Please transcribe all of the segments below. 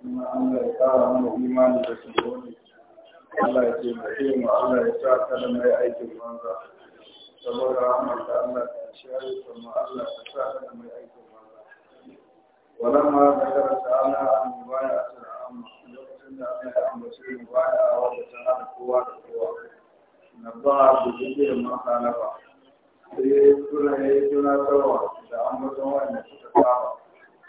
kuma Allah ya kara mana imani da shugabani Allah ya taimake mu Allah ya sa kada mai aikin banza saboda rahmar da Allah ta shari kuma Allah ya sa kada mai aikin banza ولما ذكر تعالى عن مبايعة العامة lokacin da Allah ya ambaci mubaya wadda ta hana kowa da kowa na ba da jirgin makalaba sai ya tuna ya yi tunatarwa da ambaton wanda suka saba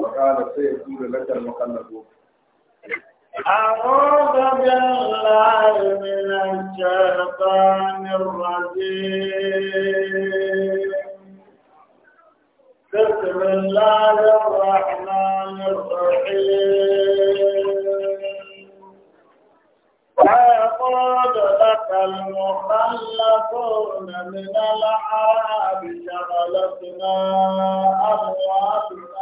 وقال سيقول لك المخلفون أعوذ بالله من الشيطان الرجيم بسم الله الرحمن الرحيم ويقول لك المخلفون من الأعراب شغلتنا أموالنا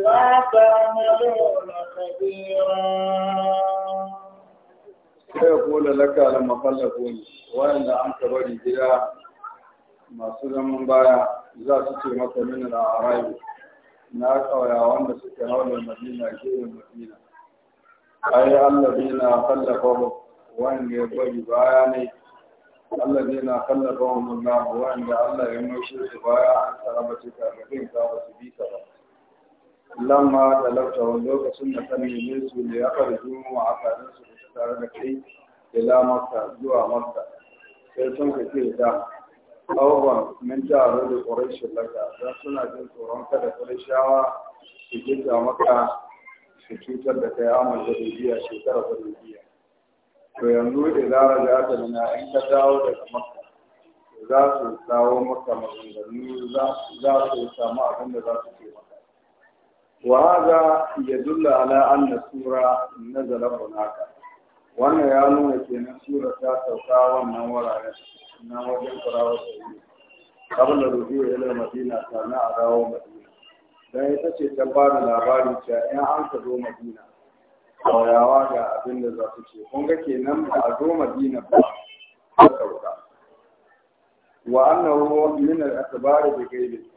بما تعملون خبيرا يقول لك لما خلفوني وإن أنت بني جدا ما سلم من بايا za su ce maka min al'arabi na kauya wanda suke haular madina gerin madina ai allabi na kallafa wanda ya bari baya ne allabi na kallafa wa mullahu wanda allah ya mashi su baya an tsara cika, kafin ka ba su bi ka ba lamma talabta wani lokacin da kan neme su da ya farju wa akarin su da tare da kai ila maka zuwa maka sai sun ka ce da awon min taro da ƙorashin laka don suna jin tsoron kada ƙorashawa su gita maka su cutar da kai amon da rubiya shekarar da rubiya to yanzu idan raja ta in ka dawo daga maka za su dawo maka maganganu za su samu abin da za su وهذا يدل على أن السورة نزل هناك وأن يالون كان سورة توقع والنورة نورة قراءة قبل الرجوع إلى المدينة كان أداو مدينة dan ita ce ta ba da labarin cewa in an ka madina ƙauyawa ga abinda da za su ce kun ga kenan ba a zo madina ba ta sauka wa annahu min al-asbari bi ghaibi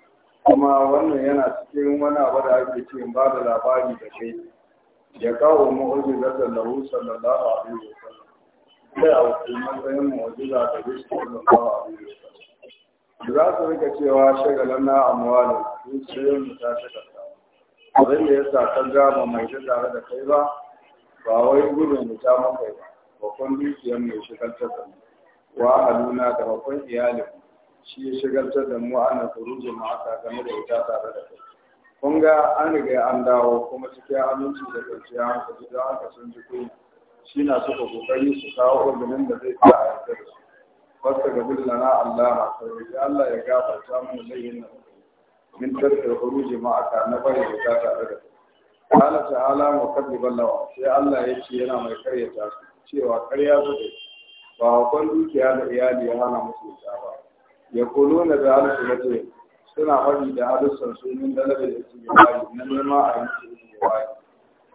kuma wannan yana cikin wani abu da ake ce ba da labari da kai ya kawo da lahu sallallahu alaihi wa sallam sai a wasu matsayin mu'ujiza da rishi sallallahu alaihi wa sallam za su rika cewa shagalan na amwalin su sayo mu ta shagalta abin da ya sa kan gama mai ta tare da kai ba ba wai gudun da ta makai ba bakon dukiyan mai shi da tattalin wa haluna da bakon iyalin mu shi ya shigartar da mu ana kuruji ma game da ita tare da kai kun ga an riga an dawo kuma cikin aminci da kwanciya hankali da haka sun ji kuyi shi na suka kokari su kawo ulumin da zai sa a yarda da su fasta ga billana Allah sai roƙi Allah ya gafarta mu na nan min tarkar kuruji ma na bari da tare da kai Allah ta'ala muqaddiban ballawa sai Allah ya ce yana mai karyata su cewa karya su ba kwan dukiya da iyali ya hana musu ta ba ya kulu na da halittu na ce suna faɗi da harshen su min dalabar da su yawai na nema a yi su yi yawai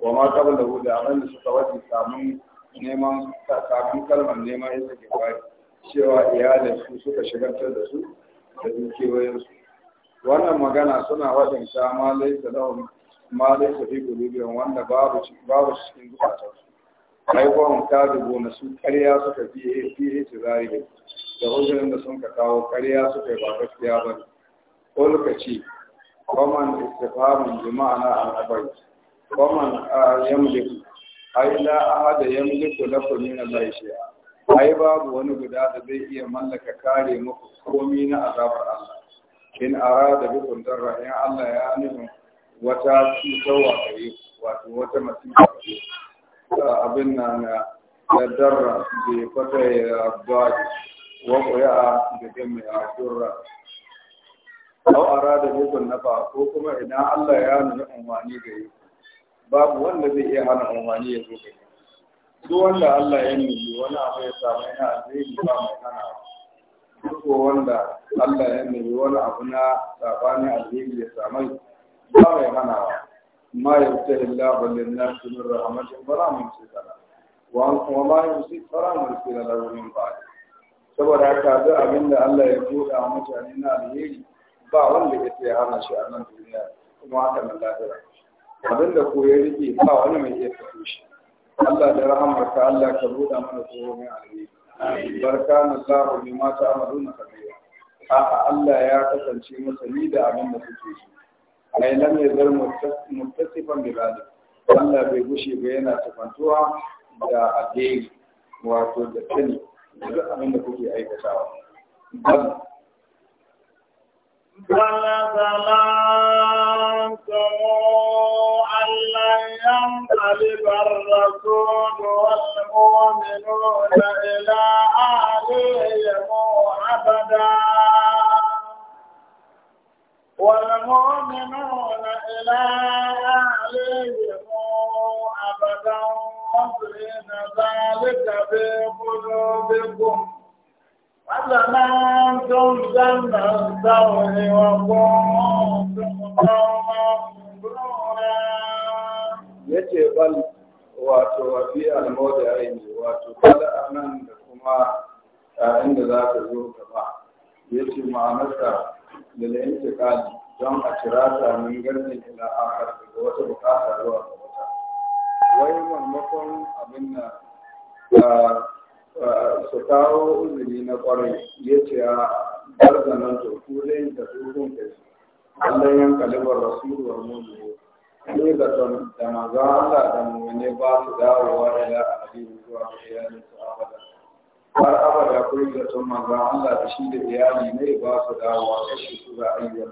wa ma kaba da hudu abin da suka wace samun neman kafin kalmar neman ya ke bayi cewa iyalin su suka shigantar da su da su wannan magana suna wajen ta ma laisa lahum ma laisa fi qulubihim wanda babu cikin zukatansu ai ko ta dubo na su karya suka fiye fiye su zari da su da uzurin da sun ka kawo karya suka yi ba gaskiya ba ne ko lokaci kwaman istifamin jima'a na al'abai kwaman yamliku ai la ahada yamliku lakum min allahi shay'a ai babu wani guda da zai iya mallaka kare muku komai na azabar Allah in arada bikum darra in Allah ya nufin wata tsawa kai ku wato wata masifa gare abin nan na darra bi fata ya abba وقيا بجمع جرا أو أراد بكم نفع كوكما إن الله يعني أماني جاي باب والذي يهان أماني يزوجه duk wanda Allah ya nemi wani abu ya samu yana alheri ba mai hana duk wanda Allah ya nemi wani abu na sabani alheri ya samu ba mai hana ma yabtahi Allah lin nas min rahmatin fara min wa ma saboda haka duk abin da Allah ya buɗa mutane na alheri ba wanda ya hana shi a nan duniya kuma haka nan lafiya abin da ko ya rike ba wani mai iya fito shi Allah da rahamarka Allah ka buɗa mana tsohon alheri barka na zahu bi mata amalu na kabira a'a Allah ya kasance masani da abin da suke yi ai lam yazar muttasifan bi zalik Allah bai gushe ba yana tafantuwa da alheri wato da duk abin da kuke aikatawa. Balazala gano Allah yan kalibar rasu da wasu mominu mu abada. مبين ذلك في قلوبكم وزمنتم ذنب Ya وكنتم قوما yace bal wato wa fi almodi aini wato bal da kuma inda za ka zo gaba yace ma'anarsa da la'intikali don a cira ta min garnin ila akar daga wata bukata zuwa wai maimakon abin da ah, ah, su kawo uzuri na kwarai ya ce a ah, barzanan to ku dai da tsohon kai Allah yan kalibar rasulu wa mu'minu ne da ton da maza Allah da mu'mini ba su dawowa ila alim zuwa ga su abada har abada kun da ton maza Allah da shi da iyali ne ba su dawowa ga shi su za a yi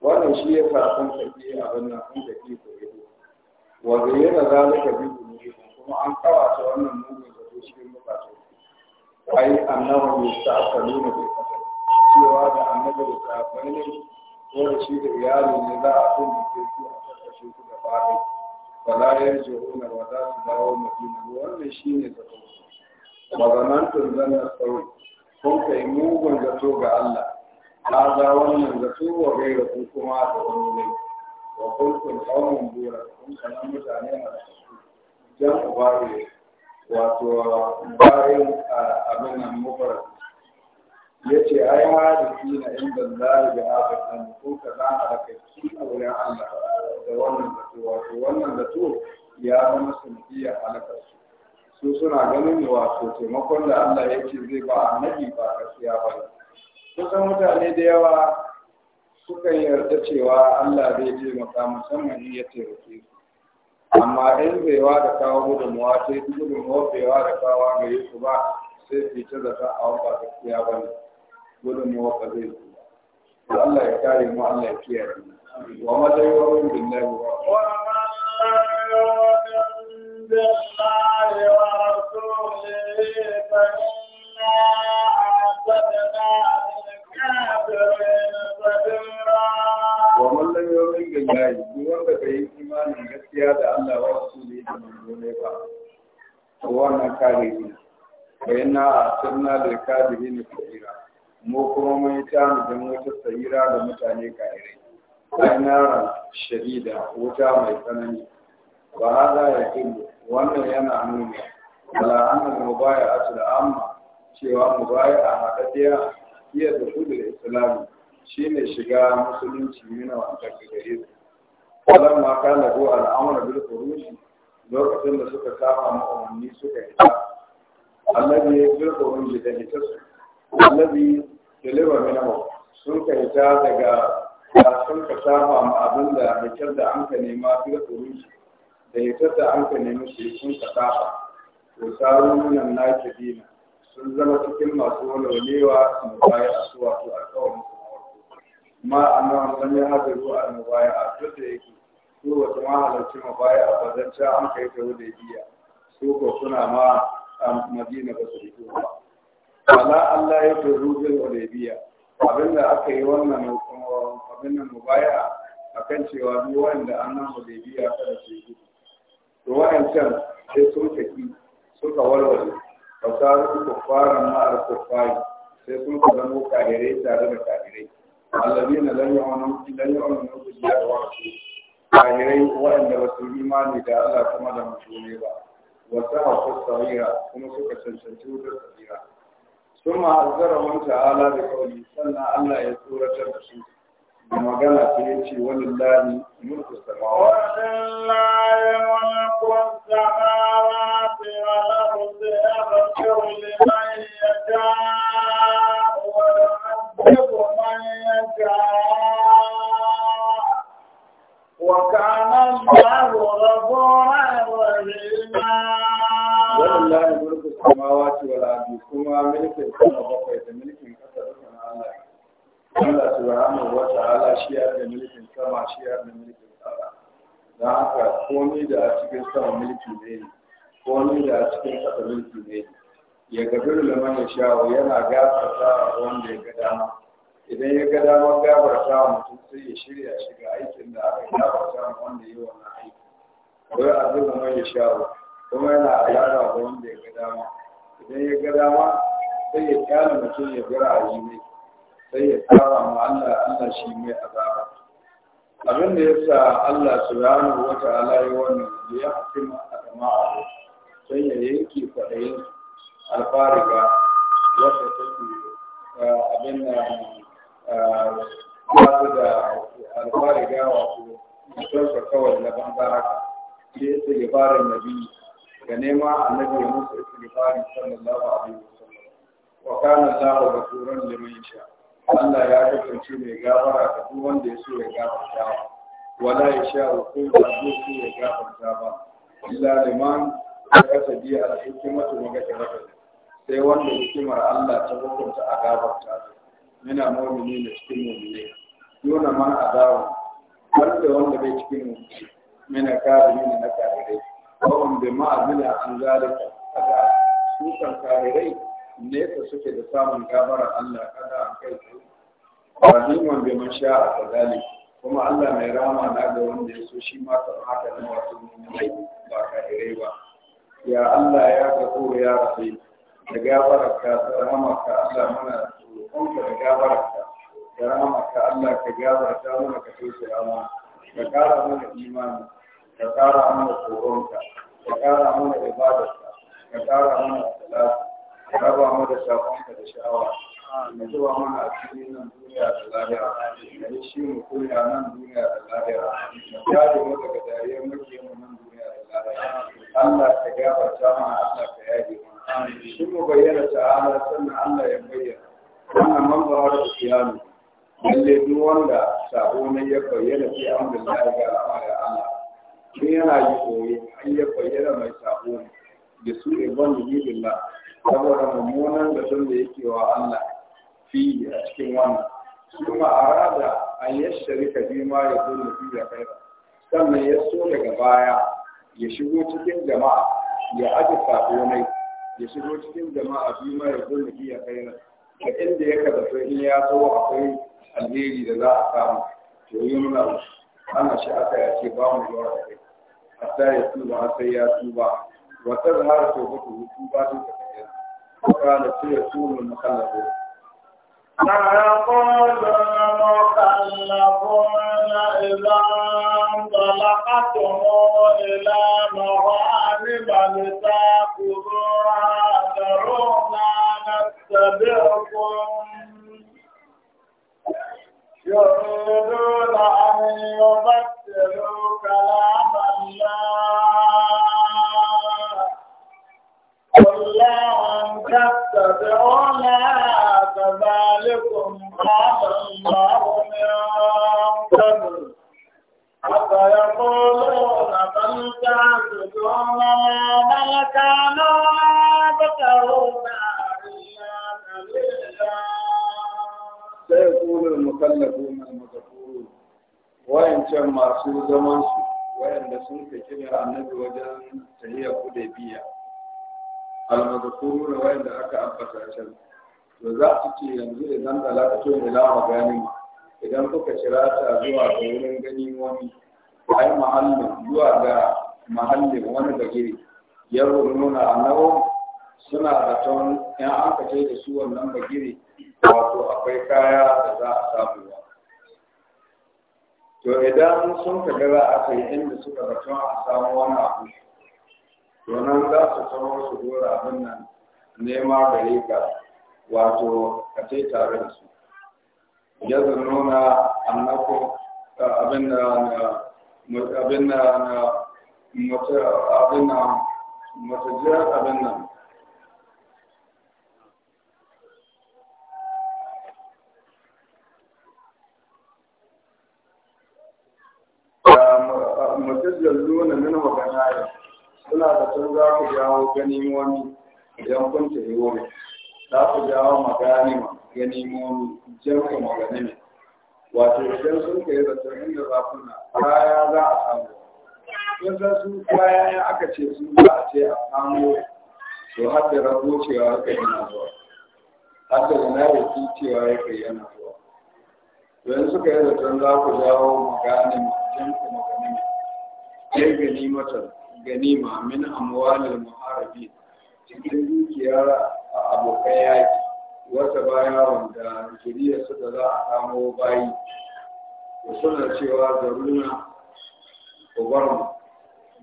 wannan shi ya sa kun tafi abin nan kun tafi ko wa zayyana zalika bi dunyakum kuma an kawata wannan mugun zato cikin bukatu ai annahu yasta'saluna bil qasam cewa da annabi da sahabbai ne ko da shi da iyali ne za a tun da ke su a karkashe su da faɗi ba za ya yi ba za su dawo madina wannan shi ne zato ba zanantun zanna tsauri kun kai mugun zato ga Allah ta za wannan zato wa gaira kuma da wani laifi wa kulkun kaumun bura kun kana mutane masu jan ubari wato bayan abin nan mubarak ya ce ai hadisi na inda zai ga abin kun ka za a rakaki a wurin Allah da wannan zato wato wannan zato ya zama sanadiyar halakarsu su suna ganin wato taimakon da Allah ya ce zai ba annabi ba gaskiya ba kusan mutane da yawa suka yarda cewa Allah zai taimaka musamman in ya taimake su amma in baiwa da kawo gudunmuwa sai gudunmuwa baiwa da kawo ga yi su ba sai su ta zata a wata gaskiya ba ne muwa ba zai su ba Allah ya kare mu Allah ya kiyaye mu wa madayyarin billahi wa بالله ورسوله فإنا أعتدنا للكافرين wa mallan yomin billahi duk wanda bai yi imanin gaskiya da Allah wa rasuli da manzo ne ba to wannan kare ne bayan na asirna da mu kuma mun yi ta da wata sahira da mutane kairai ainihin shadida wuta mai tsanani ba haza ya kullu wannan yana nuna mu baya a amma cewa baya a haɗaɗɗiya iya da kudu da islami shi ne shiga musulunci yana wancan ga gare su wannan ma kana al'amur al'amara bil furuji lokacin da suka kama ma'amanni suka hita annabi ya bil furuji da hita su annabi da lewa mina sun ka hita daga sun ka kama ma abin da hitar da an ka nema bil furuji da hitar da an ka nema shi sun ka kama to sarun nunan na kidina sun zama cikin masu wani walwalewa mu baya su wato alƙawarin ma annabi sun ya haɗa ruwa a a duk da yake ko wata ma halarci mabaya a bazance an kai ta wuda biya su ko suna ma a madina ba su fito ba wala Allah ya fi rubin hudaybiya abinda aka yi wannan abin nan a akan cewa duk wanda an nan hudaybiya kada su yi to can sai sun saki suka warware fasaru kuffaran ma'ar kuffari sai sun zama kahirai tare da kahirai الذين لم يؤمنوا لم يؤمنوا بالله ورسوله kahirai waɗanda ba su imani da Allah kuma da mutune ba wasu haƙo tsarira kuma suka cancanci wutar tsarira sun ma'azara wani ta'ala da kawai sannan Allah ya tsoratar da su da magana ta yi ce wani lani mulku samawa Thank you. شاء وكان الله غفورا رحيما ولله ملك السماوات والارض كما ملك السماء بقيت ملك كثر الله Allah subhanahu wa ta'ala shi ya da mulkin sama shi ya da haka komai da a cikin sama mulki ne komai da a cikin ƙasa mulki ne ya gafi da ya shawo yana gafarta wanda ya ga dama idan ya ga damar gabarta wa mutum sai ya shirya shiga aikin da aka gabarta wa wanda ya wannan aiki wai a zuba mai ya sharo kuma yana alaka ga wanda ya ga dama idan ya ga dama sai ya kyale mutum ya gara a yi mai sai ya tsara ma Allah Allah shi mai azaba abin da sa Allah subhanahu wa ya wannan ya hakima adama a sai ya yanke kwaɗayin alfariga wata take eh, abin da ba su da alfariga wato mutunsa kawai na bangaraka shi ya ce gifarin nabi ga nema annabi ya musu ita gifarin sallallahu alaihi wasallam wa kana lahu ghafuran liman sha Allah ya kasance mai gafara ga duk wanda ya so ya gafarta wala ya sha ko ba zai so ya gafarta ba illa liman ya kasabi al hikmatu magasharata sai wanda hikimar Allah ta hukunta a gafarta yana mawuni da cikin mu'mini ma man dawo wanda wanda bai cikin mu'mini mina kare ne na kafirai kawai bai ma'azila an zalika kada su kan kafirai nesa suke da samun gabara Allah kada an kai su rahiman bai man sha a kazali kuma Allah mai rama na ga wanda ya so shi ma kan haka na wasu mummai ba kafirai ba ya Allah ya gafo ya rafi da gafara ka ta rama ka Allah mana roƙonka da gafararka da rahamarka Allah ka gafarta mana ka tausaya mana ka ƙara mana imani ka ƙara mana tsoronka ka ƙara mana ibadarka ka ƙara mana salatu ka raba mu da shafanka da sha'awa Na zuba mana a cikin nan duniya da lafiya na yi shi mu koya nan duniya wanda sabo ne ya bayyana fi amrin da ya ga da Allah sai yana yi koyi an ya bayyana mai sabo ne da su da billah saboda mummunan da sun da yake wa Allah fi a cikin wannan kuma arada an shirka bi ma yakunu fi kai sannan ya so daga baya ya shigo cikin jama'a ya aje sabo ne ya shigo cikin jama'a bi ma yakunu fi khaira da inda ya da in ya zo akwai alheri da za a samu to yi muna ana shi aka ya ce ba mu zuwa da kai hatta ya tuba sai ya tuba wata zahara to ba ku tuba tun ta kai وقال سيكون المخلفون فيقول المخلفون إذا انطلقتم إلى مغانم لتأخذوها ذرونا نتبعكم يريدون أن يبدلوا كلام الله قل لن تتبعونا كذلكم قال الله من قبل فسيقولون بل تعبدون ما بل كانوا يبتغون sai ya kula mukallafu na mazakuru wayancan masu zaman su wayanda sun ka kira annabi wajen tahiyar hudaybiya almazakuru da aka ambata can to za su ce yanzu idan da lakacin ila magani idan kuka kira ta zuwa ga wurin gani wani ai mahallin zuwa ga mahallin wani bagiri ya nuna annabin suna zaton yan aka ce da su wannan bagiri akwai kaya da za a samu ba to idan sun kaga za a kai inda suka zaton a samu wani abu to nan za su taho su dora abin nan nema gare ka wato a ce tare da su ya nuna annako abin da abin da abin da mutajiyar abin nan suna da tun za ku jawo ganimomi idan kun tafi za ku jawo maganima ganimomi jirka maganimi wato idan sun kai zaton inda za ku na kaya za a samu in san su kaya ya aka ce su za a ce a samu to har da cewa ya kai yana zuwa har da na cewa ya kai yana zuwa to suka yi za ku jawo sai ganimata ganima min amwalil muharibi cikin dukiyar abokan yaki wata baya wanda shirya su da za a kamo bayi da suna cewa zaruna ubarmu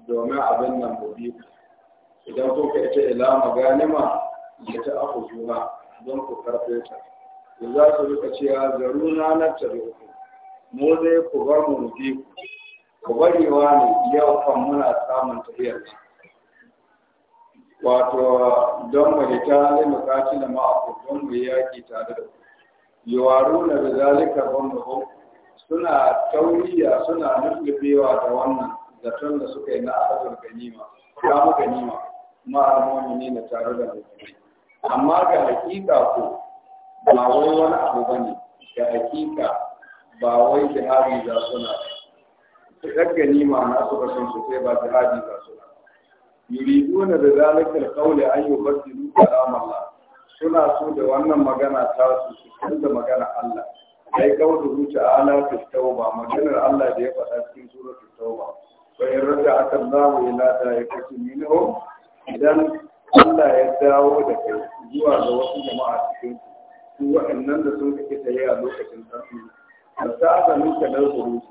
domin abin nan mubi idan kuka ita ila maganima ya ta aku juna don ku karfe ta da za su rika cewa zaruna na tare mu dai ku bar mu mubi ku warewa ne yau kan muna samun tafiyar wato don mu ta zai bukaci da ma'afu don mu yaƙi tare da ku yawaru na da zalika ban suna tauriya suna nuflebewa da wannan zaton da suka yi na asabar ganima kamu ganima ma'almomi ne na tare da musulmi amma ga hakika ko ba wai wani abu ba ne ga hakika ba wai jihari za suna ba su ɗaggani ma'ana suka son su sai ba su ba su yuriduna da zalikal qawli an yubaddilu kalam Allah suna so da wannan magana ta su su canza magana Allah ai a ta'ala fi tauba maganar Allah da ya faɗa cikin suratul tauba wa in raja'a Allahu ila ta'ikati minhum idan Allah ya dawo da kai zuwa ga wasu jama'a cikin su waɗannan da sun kake tsaye a lokacin sarki da sa'a da nuka dan su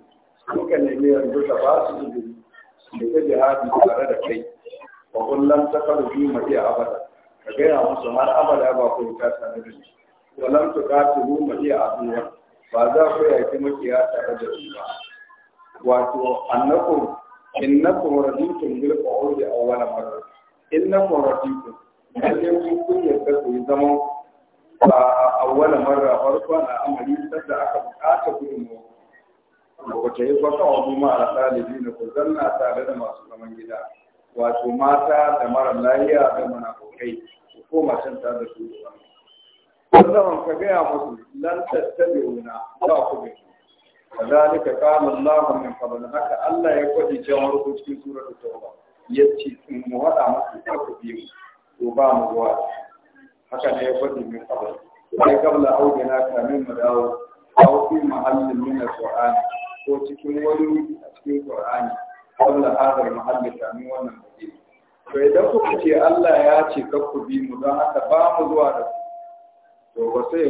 muka nemi yanzu ta ba su izini da ta jihadi tare da kai wa kullum ta faru biyu mafi abada ka gaya musu har abada ba ku yi tare da ni wa lam tu qatilu mafi abuwa ba za ku yaki makiya tare da su ba wato annakum innakum raditum bil qawli awwal marra innakum raditum lalle ku kun yarda ku yi zaman a awwal marra farko na amali sadda aka buƙata bukata gudunmawa ba ku ta yi kwasa wa kuma a ɗalibi na ku zanna tare da masu zaman gida wato mata da mara lahiya da munafukai ku koma can tare da su da wani zaman ka gaya musu lan wuna, za ku bi كذلك قال الله من قبل haka Allah ya kwaji jawar ku cikin suratul tauba yace in mu wada musu ku biyu ko ba mu ruwa haka ne ya kwaje min qabl sai auge na ka min dawo a fi mahallin nuna al ko cikin wani wuri a cikin Qur'ani wanda hadar mahallin kamin wannan baje to idan kuka ce Allah ya ce kakku bi mu don haka ba mu zuwa da to ba sai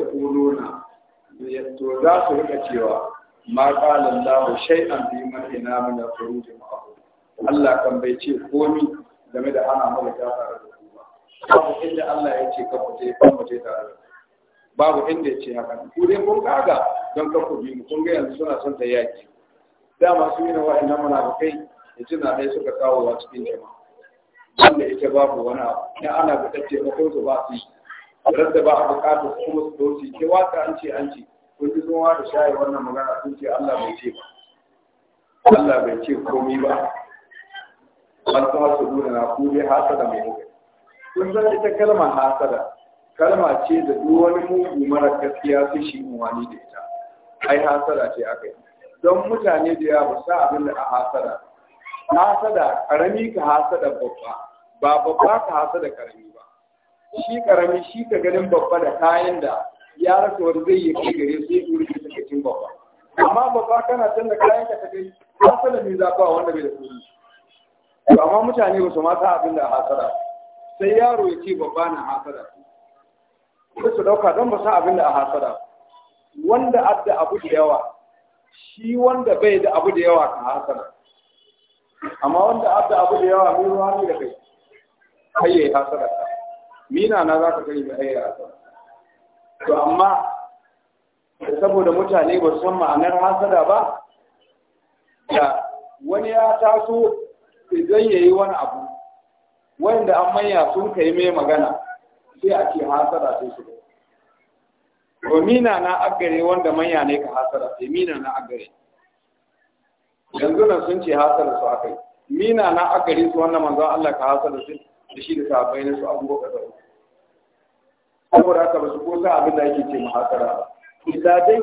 na. to za su rika cewa ma ƙalin Allah shay'an bi man ina min Allah kan bai ce komi game da ana mu da tare da ku ba inda Allah ya ce kakku je ba mu je tare babu inda ya ce haka ku dai kun kaga don ka ku bi kun ga yanzu suna son ta yaki masu su yi na wa'annan kai. ya ci na dai suka kawo wa cikin jama'a wanda ita babu wani abu ina ana buƙatar ko su ba su yi da ba a buƙatar kuma su dosi ke wata an ce an ce kun ji zuwa da shayi wannan magana sun ce Allah bai ce ba Allah bai ce komai ba an ta su nuna na kuri hasada mai kun san ita kalmar hasada kalma ce da duk wani mugu mara gaskiya sai shi umarni da ita ai hasara ce aka yi don mutane da yawa ba sa abin da a hasara hasada karami ka hasada babba ba babba ka hasada karami ba shi karami shi ka ganin babba da kayan da ya rasa wani zai yi kai gare sai ya ta sakacin babba amma babba kana can da kayan ka ta kai hasada ne za ba wanda bai da kuɗi to amma mutane ba su ma sa abin da hasara sai yaro ya ce babba na hasara ko su dauka don ba san abin da a hasada wanda adda abu da yawa shi wanda bai da abu da yawa ka hasada amma wanda adda abu da yawa mai ruwa ne da kai kayyai hasada mina na za ka kai da ayyar hasada to amma saboda mutane ba su san ma'anar hasada ba da wani ya taso idan yayi wani abu wanda an manya sun kai mai magana sai a ce hasara sai su ko mina na agare wanda manya ne ka hasara sai mina na agare yanzu nan sun ce hasara su akai mina na agare su wannan manzon Allah ka hasara su da shi da sabai ne su abubuwa kaza saboda haka ba su ko sa abin da yake ce ma hasara ba illa dai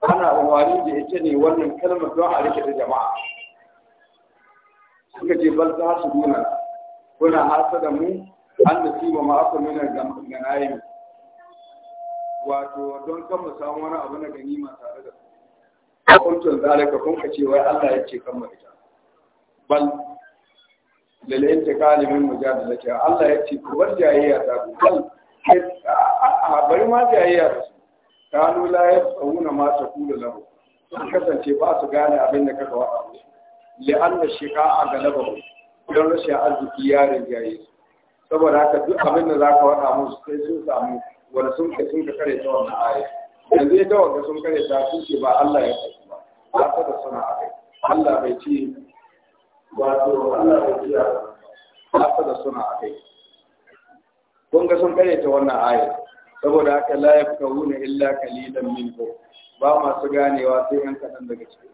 ana umarni da ce ne wannan kalmar don a rike da jama'a suka ce bal za su nuna kuna hasa da mu an da ci ba ma aka nuna ganayen wato don kan mu samu wani abu na ganima tare da su kuntun zalika kun ka ce wai Allah ya ce kan mu ita bal lil intiqali min mujadalati Allah ya ce ku bar jayayya ta ku bal a bari ma jayayya ta su kanu la mata ma taqulu lahu sun kasance ba su gane abin da kaka wada musu li'anna shiqa a galaba don rashin arziki ya rinjaye su saboda haka duk abin da za ka wata musu sai sun samu wani sun ka sun ka kare ta wannan aya yanzu ita wanda sun kare ta sun ce ba Allah ya faɗi ba ba ta da suna a kai Allah bai ce ba Allah bai ce ba ta da suna a kai kun ga sun kare ta wannan aya saboda haka la yafkahuna illa qalilan minhu ba masu ganewa sai yan kaɗan daga cikin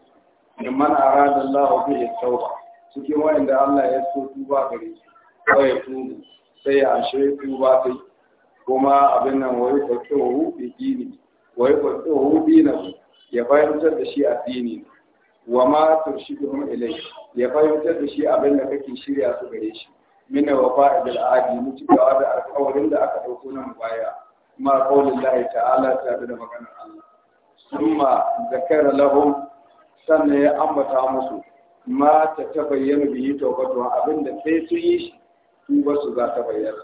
in man arada Allah bihi tawba cikin wanda Allah ya so tuba gare shi ko ya sai ya anshe ta yi kuma abin nan wai kwato hu bi dini wai kwato hu dina ya fahimtar da shi a dini wa ma turshiduhum ilai ya fahimtar da shi abin da kake shirya su gare shi min wafa'i bil adi mutuwa da alƙawarin da aka dauko nan baya ma qaulin lahi ta'ala tare da maganar Allah summa zakara lahum sannan ya ambata musu ma ta tabayyana bihi tawbatu abinda sai sun yi shi duba su za ta bayyana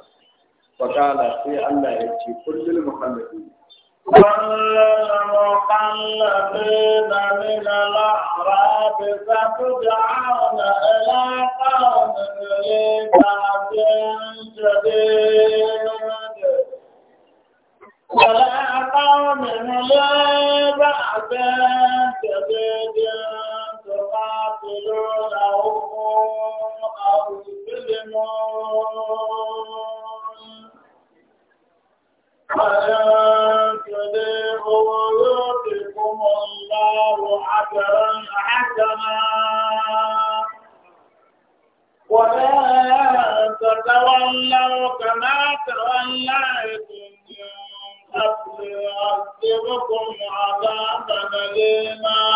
fakala sai Allah ya ce kullul muhammadi كل مقلبين من الأحراب ستدعون إلى قوم ذي شديد ولا قوم ذي شديد تقاتلونهم أو تسلمون فإن تدعوا الله أجرا حسنا وإن تتولوا كما توليتم قبل يعذبكم عذابا أليما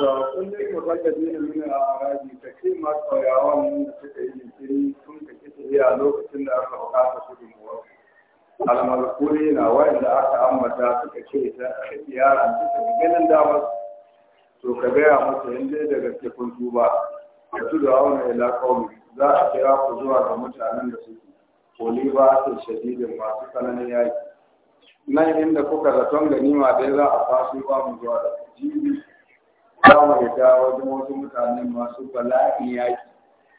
to kullum mu bada dina a arabi ka ce ma tsayawan da suka yi jinkiri tun ka kici a lokacin da aka bukata su gumuwa almalkuri na wanda aka ambata suka ce ta yaran su ta ganin damar to ka gaya musu in dai da gaske kun tuba ka tu da auna ila kaumi za a kira ku zuwa ga mutanen da suke koli ba su shadidin masu tsananin yaki nan inda kuka zaton ganima dai za a fasu ba mu zuwa da jibi Za mu yadda wajen wasu mutane masu bala'in yaki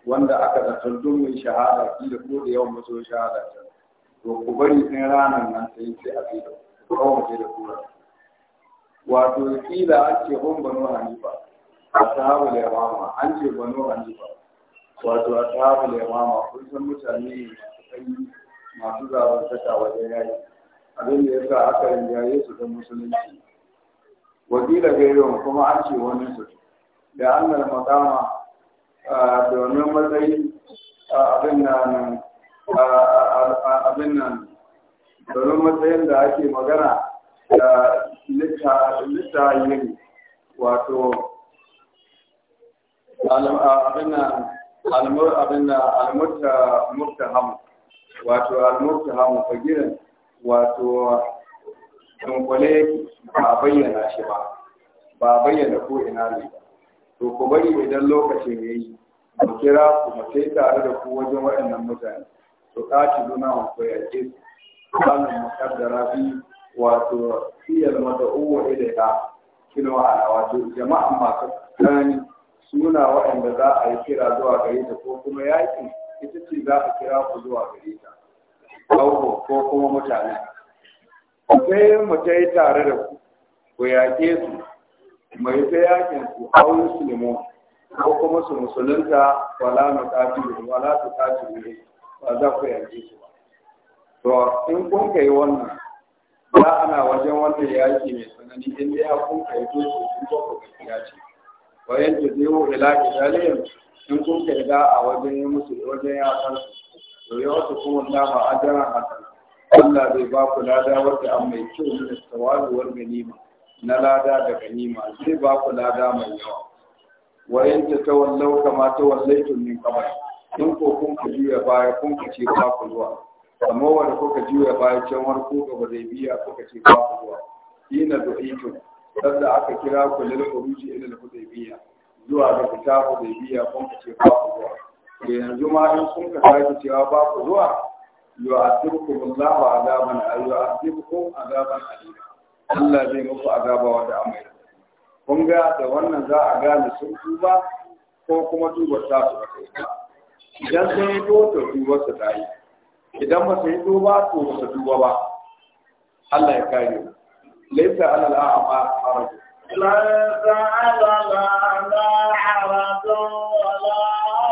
wanda aka zartar domin mai shahada ki da ko da yawan maso shahada ta to ku bari sun ranar nan sai sai a bi da ku kawo mu da kura wato kila an ce hon banu hanifa da lewama an ce banu hanifa wato da lewama kun san mutane ne masu sanyi masu zaɓar saka wajen yaki abin da ya sa aka rinjaye su don musulunci wakila gairun kuma an ce wani su da annal makama domin matsayi abin nan domin matsayin da ake magana da litta yin wato abin nan abin nan almurta murta hamu wato almurta hamu fagirin wato kwale-kwale ba a bayyana shi ba ba a bayyana ko ina ne ba to ku bari idan lokacin ya yi ku kira ku mace tare da ku wajen waɗannan mutane to ɗaci nuna wa ku yaƙe su kanin makaddara bi wato fiyar mata'uwa ilaiha kino ala wato jama'a masu tsanani suna waɗanda za a yi kira zuwa gare ta ko kuma yaƙi ita ce za a kira ku zuwa gare ta ko kuma mutane sai mu ta yi tare da ku ku yaƙe su mai ta yakin su hau su nemo ko kuma su musulunta wala mu kafiru wala su kafiru ba za ku yaƙe su ba to in kun kai wannan za ana wajen wannan yaƙi mai tsanani in dai ya kun kai to su sun ba ku gaskiya ce bayan da zai wo ila kitaliyar in kun kai da a wajen yi musu wajen yaƙar su to yawa su kuma dama ajaran hasan Allah zai ba ku lada wadda an mai kyau min tawazu wal ganima na lada da ganima zai ba ku lada mai yawa wa in ta tawallau kama tawallaitu min qabl in ko kun ku juya baya kun ku ce ba ku zuwa amma wanda kuka juya baya can wani ku ga zai biya kuka ce ba ku zuwa ina du'aitu sanda aka kira ku lil khuruji ila al hudaybiyya zuwa ga fita biya kun ku ce ba ku zuwa yanzu ma in kun ka sake cewa ba ku zuwa yu'adhibukum Allahu azaban yu'adzibukum azaban alima Allah zai muku azaba wanda amai kun ga da wannan za a gane sun tuba ko kuma tuba ta su ba idan sun yi to tuba su ta yi idan ba su yi tuba to ba su tuba ba Allah ya kare mu laysa alal a'ma haraj la تعلم لا حرج ولا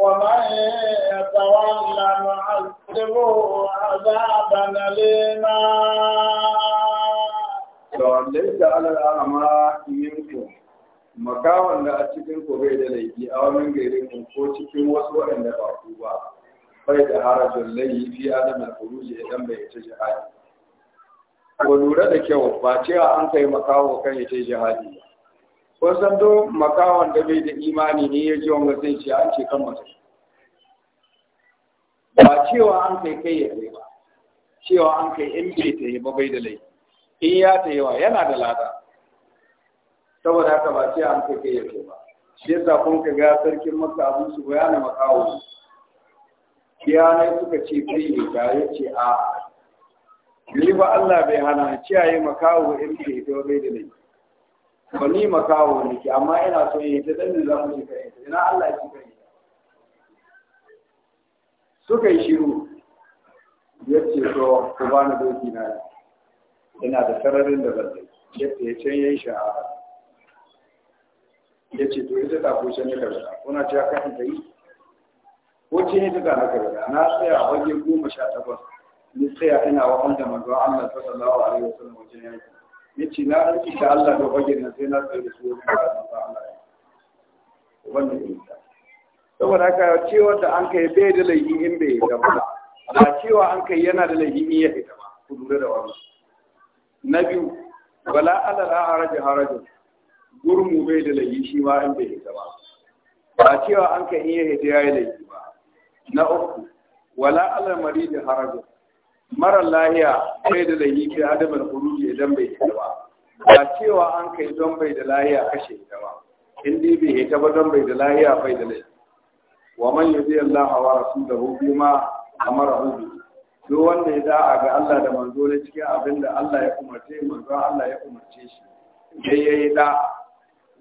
ومن يتولى نعذبه عذابا أليما ليس على الأعمى منكم makawan da a cikin ku bai da laifi a wani gairin ko cikin wasu waɗanda ba ku ba bai da harajin laifi fi adamin kuruji idan bai ta jihadi ku lura da kyau ba cewa an kai makawo kan ya jihadi ba Wasan to makawan da bai da imani ne ya ji wanga zai ce an ce kan mutum ba cewa an kai kai ya kai ba cewa an kai in bai ta yi ba bai da laifi in ya ta yi wa yana da lada saboda haka ba cewa an kai kai ya kai ba shi yasa kun ka ga sarkin maka abin su bayana makawo kiyanai suka ce kai ne ga ya ce a ni ba Allah bai hana ciyaye makawo in bai ta bai da laifi ba ni ne ki amma ina so yi ta dan za mu ka ita ina Allah ya shiga ita suka yi shiru yace so ku ba ni doki na ina da sararin da zai yace ya can yayi sha yace to ita ta kusa ne kaza kuna ci aka ta yi ko ce ne ta na da. na tsaya a wajen goma sha takwas ni tsaya ina wa wanda manzo Allah sallallahu alaihi wasallam wajen yaki yace na aiki da Allah da bagin nan sai na tsaye da su wani ba Allah wannan Ta saboda haka cewa da an kai bai da laifi in bai da ba amma cewa an kai yana da laifi in ya yi ba ku lura da wannan na biyu wala ala la haraja haraja gurmu bai da laifi shi ma in bai fita ba ba cewa an kai in ya fita yayi laifi ba na uku wala ala maridi haraja mara lahiya sai da lahi fi adamin huruji idan bai hita ba ba cewa an kai don bai da lahiya kashe hita ba in dai bai hita ba don bai da lahiya bai da lahi wa man yuzi Allah wa rasulahu bima amara bi duk wanda ya da'a ga Allah da manzo ne cikin abin da Allah ya umarce manzo Allah ya umarce shi dai yayi da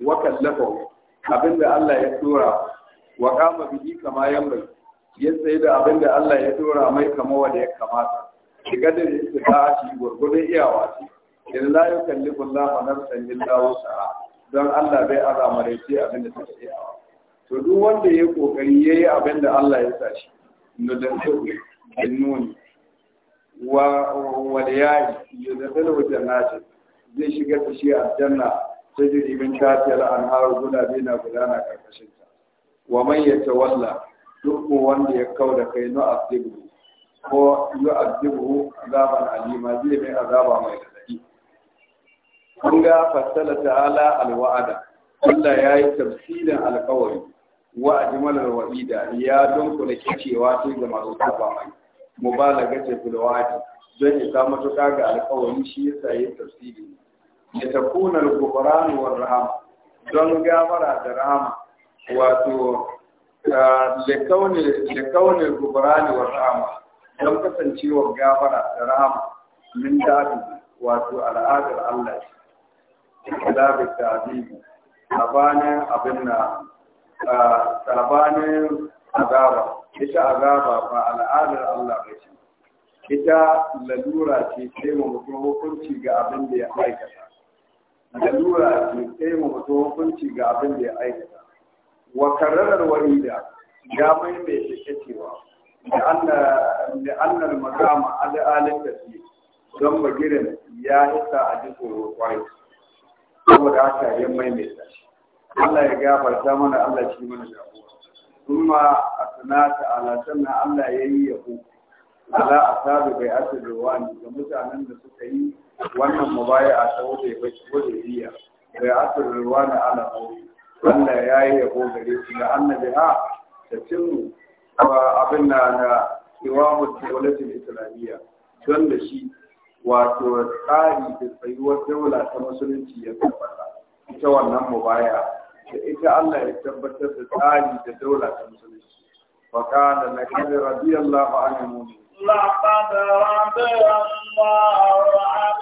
wa kallafa abin da Allah ya tura wa kama bihi kama yamma. ya tsaye da abin da Allah ya tura mai kama wanda ya kamata bi kadari istita'ati gwargwadon iyawa ce in la yukallifu nan nafsan dawo wus'aha don Allah bai azamare ce abin da ta take iyawa to duk wanda ya kokari yayi abin da Allah ya sashi. Na sa shi nudantu binnuni wa waliyai yudkhilu jannati zai shiga ta shi a janna ta jiri min kafiyar anharu guda biyu na gudana karkashin ta wa man walla duk wanda ya kauda kai na asibu ko yi azibu azaban alima zai mai azaba mai gadadi kun ga fassala ta'ala alwa'ada Allah ya yi tafsirin alkawari wa ajmalar wa'ida ya dunkula kicewa sai ga masu saba mai mubalaga ce filwadi don isa matuƙa ga alkawari shi yasa ya tafsirin. ya takuna al-ghufran wa rahama don gafara da rahama wato da ah, kaunin al wa rahama don kasancewar gabara da rahama min dadi wato al'adar Allah ce ikhlabi ta'dibi sabanin abin na sabanin azaba ita azaba ba al'adar Allah ba ce ita lalura ce sai mu mutu hukunci ga abin da ya aikata lalura ce sai mu mutu hukunci ga abin da ya aikata wa kararar wa'ida ya shi cewa لأن المقام على آل كثير don bagirin ya isa a ji tsoro kwarai saboda haka ya maimaita shi Allah ya gafarta mana Allah shi mana jagora kuma a sanata ala sannan Allah ya yi yabo ala asabi bai asa jawani ga mutanen da suka yi wannan mubaya a ta wuce bashi wuce biya bai asa jawani ala Allah ya yi yabo gare shi da annabi ha da cin abin na na da daulatin islamiyya don da shi wato tsari da tsayuwar daula ta musulunci ya tabbata ita wannan baya. da ita Allah ya tabbatar da tsari da daula ta musulunci Ba لقد رضي الله عن المؤمنين لقد رضي Allah عن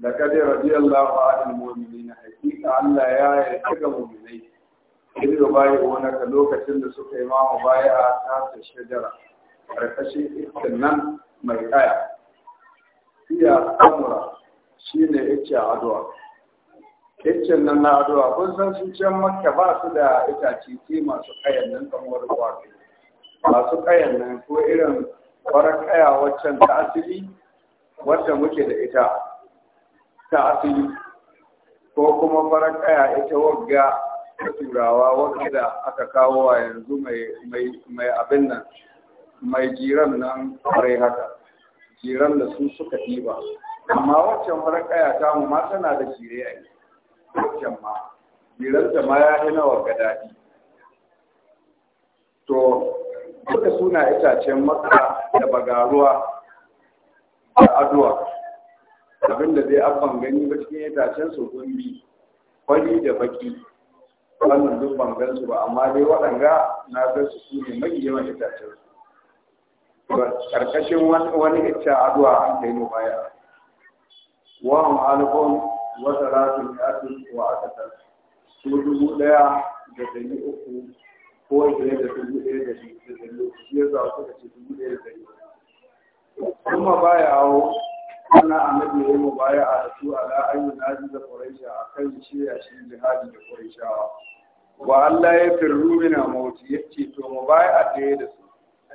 da kade radiyallahu anil mu'minin hakika Allah ya yarda ga mu'minai in da bai wani ka lokacin da suka yi mamu baya ta ta shajara karkashin ikin nan mai kaya iya amura shine yake addu'a iccen nan na addu'a kun san su can makka ba su da itace ce masu kayan nan kamar wato masu kayan nan ko irin farar kaya waccan ta asili wadda muke da ita ta asali ko kuma farar kaya ita wagga ta turawa wadda da aka kawo wa yanzu mai abin nan mai jiran nan kwarai haka jiran da su suka ɗiba amma waccan farar kaya ta mu ma tana da jire a yi waccan ma jiranta ma ya yi na wagga daɗi to duka suna itacen maka da bagaruwa da aduwa abin da zai abban gani ba cikin itacen su gumbi da baki wannan duk ban su ba amma dai waɗanga na gan su su ne mai yawan itacen su karkashin wani icce aduwa an kai mu baya wa wata alqum ya salatun yatun wa ƙasar su dubu ɗaya da dari uku ko ɗaya da dubu ɗaya da dari uku shi yasa suka ce dubu ɗaya da dari uku kuma baya awo. ana annabi ya mu baya a rasu ala ayyun nazi da quraisha akan shirya shi jihadi da quraishawa wa Allah ya firru mina mauti ce to mu baya a tare da su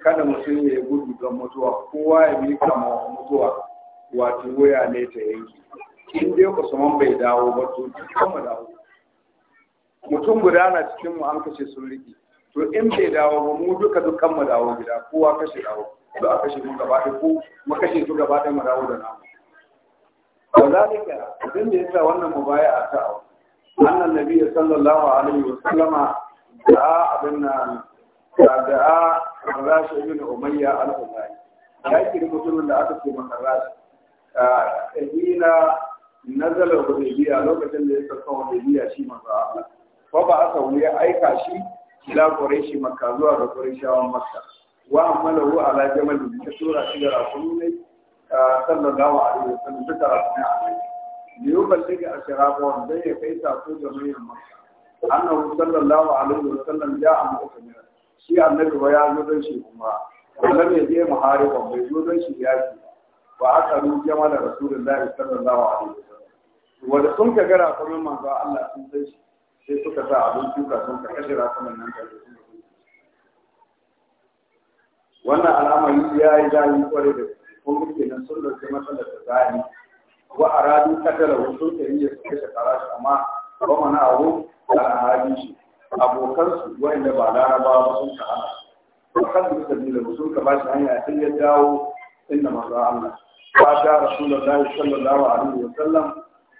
kada mutum ya gudu don mutuwa kowa ya mika ma mutuwa wato waya ne ta yanki in dai saman bai dawo ba to dukkan mu dawo mutum guda na cikin mu an kashe sun riki to in bai dawo ba mu duka dukkan mu dawo gida kowa kashe dawo da aka shi su gaba ɗaya ko makashe su gaba ɗaya mu dawo da namu وذلك abin da yasa wannan na ta au annan a sallallahu alaihi wa sallama da abin nan da Rashi ibn Umayya al-Umayyi ya kiri mutumin da aka ce masa Rashi a hina nazala hudaybiya lokacin da ya sauka hudaybiya shi manzo Allah Ko ba aka wuya aika shi ila quraishi makka zuwa ga shawar makka wa amalahu ala jamal da sura shi ga rakunu ne a alaihi wasallam da rakunu alaihi ne yau balle ga ashrafa wanda ya kai sa sako ga manyan makka annahu sallallahu alaihi ja a amsa ne shi annabi ba ya zo don shi kuma wannan ya je muhariba bai zo don shi yaki ba aka ru jamal rasulullahi sallallahu a wasallam wanda sun ka gara kuma manzo Allah sun sai shi sai suka sa abin duka sun ka kashe rakunan nan da su wannan al'amari ya yi zafi kwarai da kuma muke nan sun dauke matsalar da zafi wa a radu kadala wasu da yi ya suke shekara shi amma ba mana abu da al'adu shi abokansu wa'inda ba larabawa sun ka hana ba kan su sabila sun ka ba shi hanya sun ya dawo inda manzo Allah fa da rasulullahi sallallahu alaihi wa sallam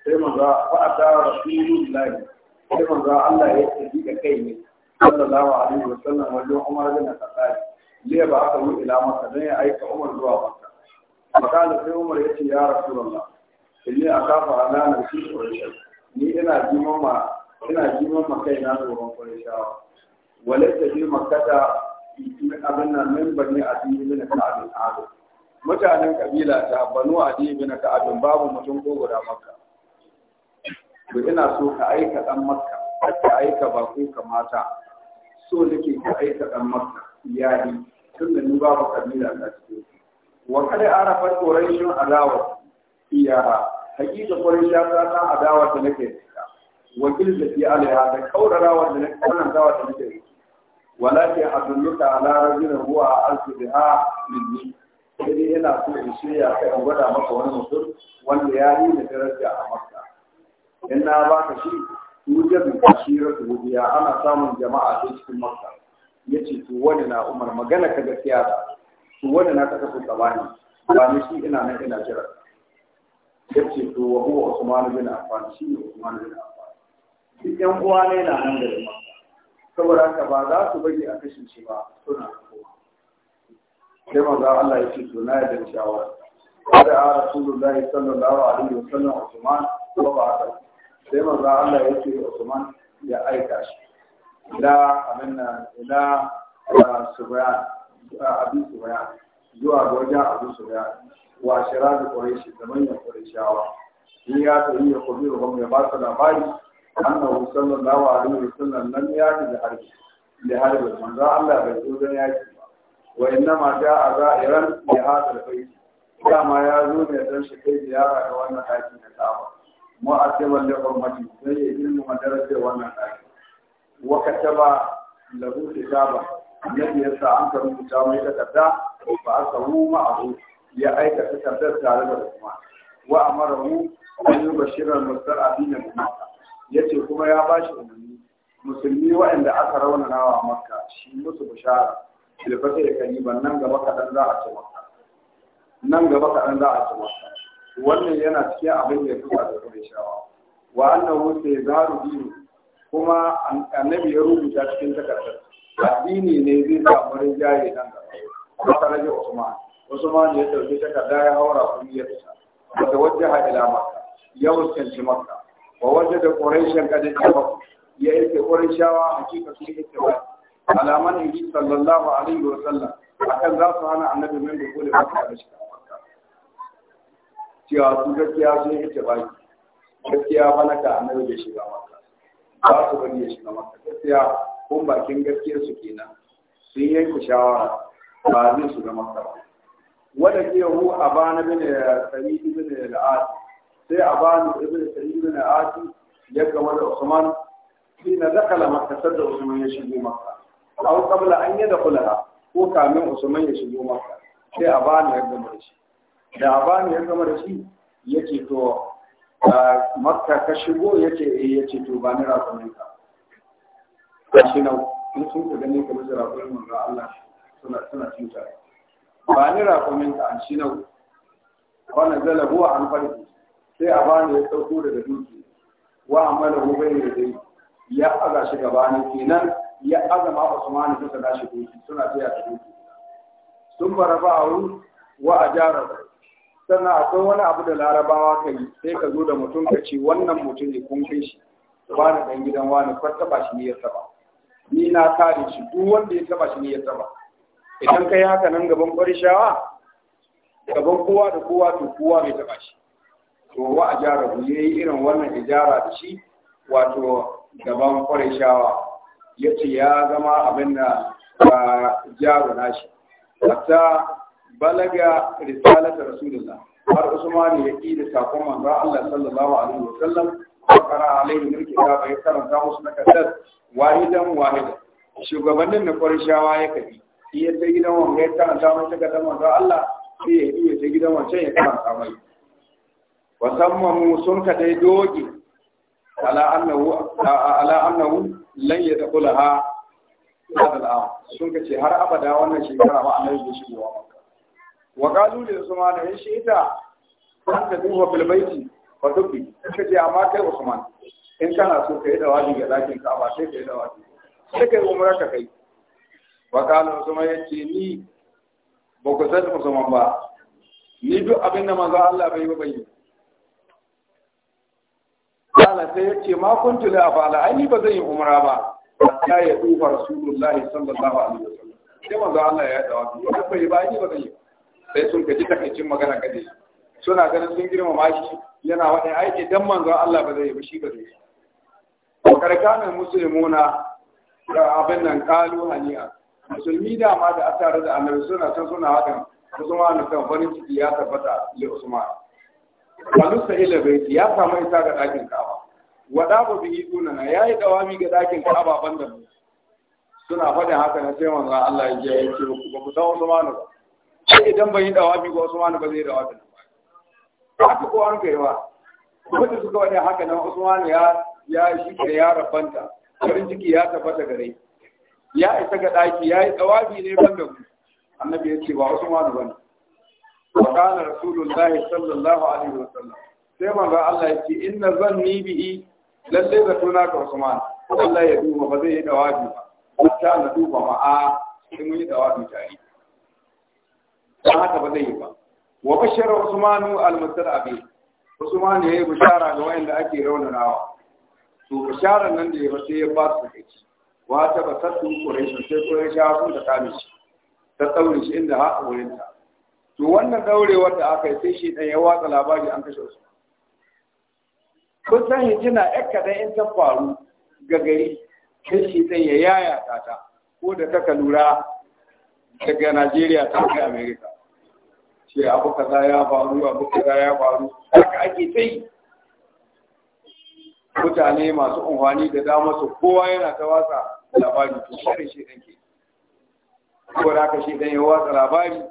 sai manzo fa da rasulullahi sai maza Allah ya tafi da kai ne sallallahu alaihi wa sallam wajen Umar bin Khattab liya ba aka ru ila maka don ya aika umar zuwa maka makala sai umar ya ce ya rasu rasulullah inni akafa ala nafsi quraysh ni ina jiman ma ina jiman ma na tsoron qurayshawa walaita bi makkata abin nan min bani adi bin abin ado. mutanen kabila ta banu adi bin ka'ab babu mutum ko guda maka. to ina so ka aika dan maka, ka aika ba ko kamata so nake ka aika dan makka yayi tun da ni babu kabila na cikin wa kada arafat quraishun alawa fiyaha hakika quraisha ta ta adawa ta nake cika wakil da fi alaiha da kaurarawa da nake kaurarawa da nake walakin adulluka ala rajulin huwa alfiha minni sai yana so in shirya kai in gwada maka wani mutum wanda ya yi da daraja a makka in na baka shi hujjar da kashira ana samun jama'a ta cikin makka ya ce to wani na umar magana ka gaskiya ba to wani na kasa su tsamani ba ni shi ina nan ina jira ya ce to wa huwa usman bin affan shi ne usman bin affan duk yan uwa ne na nan da ma saboda ka ba za su bari a kashin shi ba suna kowa sai manzo Allah ya ce to na yadda shawara kada a rasulullahi sallallahu alaihi wasallam usman wa ba'a sai manzo Allah ya ce usman ya aika shi ila abin nan ila subaya abin subaya zuwa ga abin subaya wa shira da ƙwarishi da manyan ƙwarishawa in ya tafi ya kwabi rubam ya ba su labari annahu sallallahu alaihi wa sallam nan ya ji da harbi da harbi manzo Allah bai zo don yaki wa inna ma ja'a za'iran bi hadal bayt dama ya zo ne don shi kai yara ga wannan ɗaki na Ka'aba mu'assiban li hurmati sai ya ilmu madarajar wannan ɗaki wa kataba lahu kitaba annabi ya sa an ka rubuta mai takarda fa aka hu ma'ahu ya aika takardar tare da Usman wa amarahu an yubashira al-musta'abin bi Makka yace kuma ya bashi umarni musulmi waɗanda aka raunanawa a Makka shi musu bishara ilfata ya kan yi ban nan gaba kaɗan za a ci Makka wannan yana cikin abin da ya fi da kuma shawa wa annahu kuma annabi ya rubuta cikin takardar addini ne zai samu rinjaye nan gaba masarajin usman usman ya ɗauki takarda ya haura kuriyarsa wata wajaha ila makka ya fuskanci makka wa wajen da ƙorashin kadin jama'a ya yake ƙorashawa hakika sun yi ba alaman ibi sallallahu alaihi wa sallam akan za su hana annabi min da kole makka da shi cewa su gaskiya sun yi ba gaskiya bana ka annabi bai shiga makka ba su bari ya shiga maka gaskiya kun bakin gaskiyar su kenan sun yanku shawara ba zai shiga maka ba wanda ke hu a bana bin sa'id bin al-as sai a bana ibn sa'id bin al-as ya gama da usman shi na dakala maka sadda usman ya shigo maka aw qabla an yadkhulaha ko kamin usman ya shigo maka sai a bana ya gama da shi da a bana ya gama da shi yake to makka ka shigo ya ce eh ya ce to ba ni rakunin ka ba shi na in sun ku gani ka bisa rakunin ga Allah suna suna cuta ba ni rakunin ka an shi na wa nazala huwa an farki sai a bani ya sauko daga duki wa amala hu bai ne dai ya aza shi gabanin kenan ya aza ma Usman suka dashi duki suna tsaya da duki sun bara wuri wa ajara sannan akwai wani abu da larabawa ka yi sai ka zo da mutum ka ce wannan mutum ne kun kai shi wani dan gidan wani kwar taba shi ne ya ni na kare shi duk wanda ya taba shi ne ya taba idan kai haka nan gaban barishawa gaban kowa da kowa to kowa bai taba shi to wa a jara ku yayi irin wannan ijara da shi wato gaban barishawa yace ya zama abin da jaro nashi hatta balaga risalata rasulullah har usman ya yi da sakon manzo Allah sallallahu alaihi wa sallam qara alaihi min kitab ya karanta musu na kaddar wahidan wahida shugabannin na Qurayshawa ya kadi, shi ya ta gidan wanda ya karanta musu kaddar manzo Allah sai ya yi ta gidan wancan ya karanta mai wasammamu sun ka dai doge ala annahu ala annahu lan yadkhulaha hadal sun ka ce har abada wannan shekara ba annabi bai shigowa ba wa qalu li usman in shi'ita ta duba fil baiti fa tubi amma kai usman in kana so kai da wadi ga dakin ka ba sai kai da sai kai umra ka kai wa qalu usman yace ni ba ku san usman ba ni duk abin da Allah bai bai Allah sai yace ma kuntu la afala ai ba zan yi umra ba hatta ya Allah ya ba ba ba sai sun gaji takaicin magana gare shi suna ganin sun girmama shi yana wani aiki dan manzo Allah ba zai yi ba shi ba zai yi wa karkanin musulmuna da abin nan kalu haniya musulmi da ma da asara da annabi suna san suna hakan Usman kan farin ciki ya tabbata li Usman sai ila bai ya samu isa ga dakin Ka'aba wada ba bi na yayi dawami ga dakin Ka'aba banda suna faɗin haka na sai Allah ya ce ku ba ku san Usman ba sai idan bai yi dawabi ba Usmanu ba zai dawabi ba haka ko an kaiwa wanda suka wani haka nan Usman ya ya shi ke ya rabanta farin ciki ya tabbata gare ya isa ga daki ya yi dawabi ne ban da ku annabi ya ce ba ba ne. wa kana rasulullahi sallallahu alaihi wasallam sai manzo Allah ya ce inna zanni bihi lalle da tuna ka Usman Allah ya duba ba zai yi dawabi ba ta na duba ma'a sai mun yi dawabi tare don haka ba zai yi ba wa bashara usmanu al abi usman yayi bishara ga wanda ake raunanawa to bisharar nan da ya ba sai ya ba su kici wa ta ba sattu koreshin sai quraisha sun da kame shi ta daure shi inda ha wurin ta to wannan daurewar da aka yi sai shi dan ya watsa labari an kashe su. kun san hijina ƴar kaɗan in ta faru ga gari sai shi dan ya yaya ta ko da ta lura daga Najeriya ta kai Amerika ce abu kaza ya faru abu kaza ya faru haka ake ta yi mutane masu unhwani da dama su kowa yana ta watsa labari to shi shi dan ke ko da aka shi dan ya watsa labari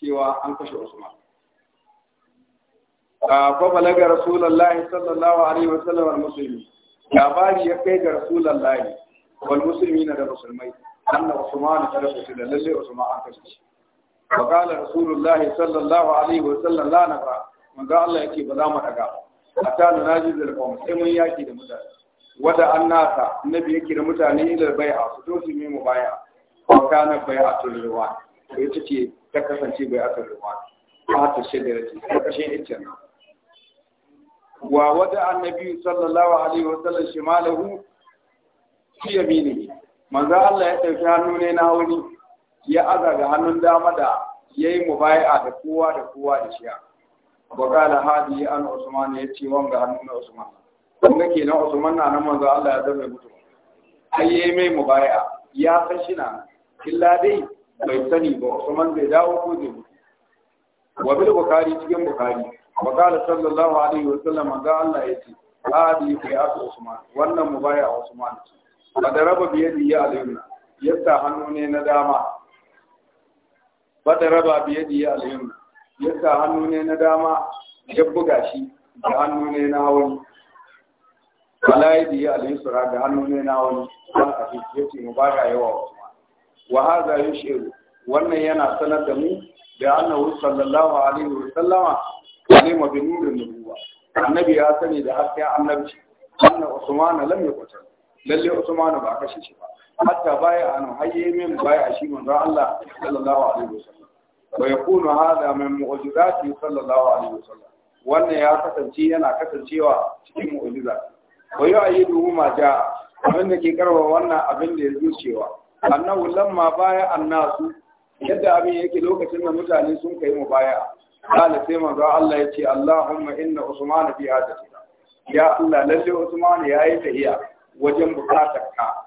cewa an kashe Usman a fa balaga rasulullahi sallallahu alaihi wasallam al-muslimi labari ya kai ga rasulullahi wal muslimina da musulmai anna Usman kada su da lalle Usman an kashe shi wa qala rasulullahi sallallahu alaihi wa sallam la nafa manzo Allah yake ba mu daga hatta na naji da qawm mun yaki da mutane wada annasa annabi yake da mutane ila bai'a su to su yi mu bai'a wa kana bai'atul ruwan to ita ce ta kasance bai'atul ruwan ta ta shaidar ce ta kashe ita wa wada annabi sallallahu alaihi wa sallam shimalahu fi yaminihi manzo Allah ya dauki hannu ne na aure. ya aza ga hannun dama da yayi mubai'a da kowa da kowa da shiya wakala hadi an usman ya ce wanga hannun na usman kun ga kenan usman na nan manzo Allah ya zama mutum ai ya yi mai mubai'a ya san shi na illa dai bai sani ba usman zai dawo ko zai mutu wa bil bukhari cikin bukhari wakala sallallahu alaihi wa sallam manzo Allah ya ce hadi fi usman wannan a usman Ba da raba biyadi ya alimna yadda hannu ne na dama fadaraba raba biye da ya alyumna yasa hannu ne na dama ya buga shi da hannu ne na hawan alayi da ya alyusra da hannu ne na wani an a ya yace mu ba ga yawa kuma wa hadha yushiru wannan yana sanar da mu da annabi sallallahu alaihi wa sallama alima bi nurin nubuwa annabi ya sani da hasken annabci anna usman lam yakutar lalle usman ba kashi shi hatta baya an hayye min baya shi manzo Allah sallallahu alaihi wasallam wa yakunu hada min mu'jizati sallallahu alaihi wasallam wannan ya kasance yana kasancewa cikin mu'jiza wa yu'ayyidu ma jaa wanda ke karba wannan abin da ya zuciwa annahu lamma baya annasu yadda abin yake lokacin da mutane sun kai mu baya kala sai manzo Allah ya ce Allahumma inna Usman fi hadatika ya Allah lalle Usman ya yi tahiya wajen bukatar ka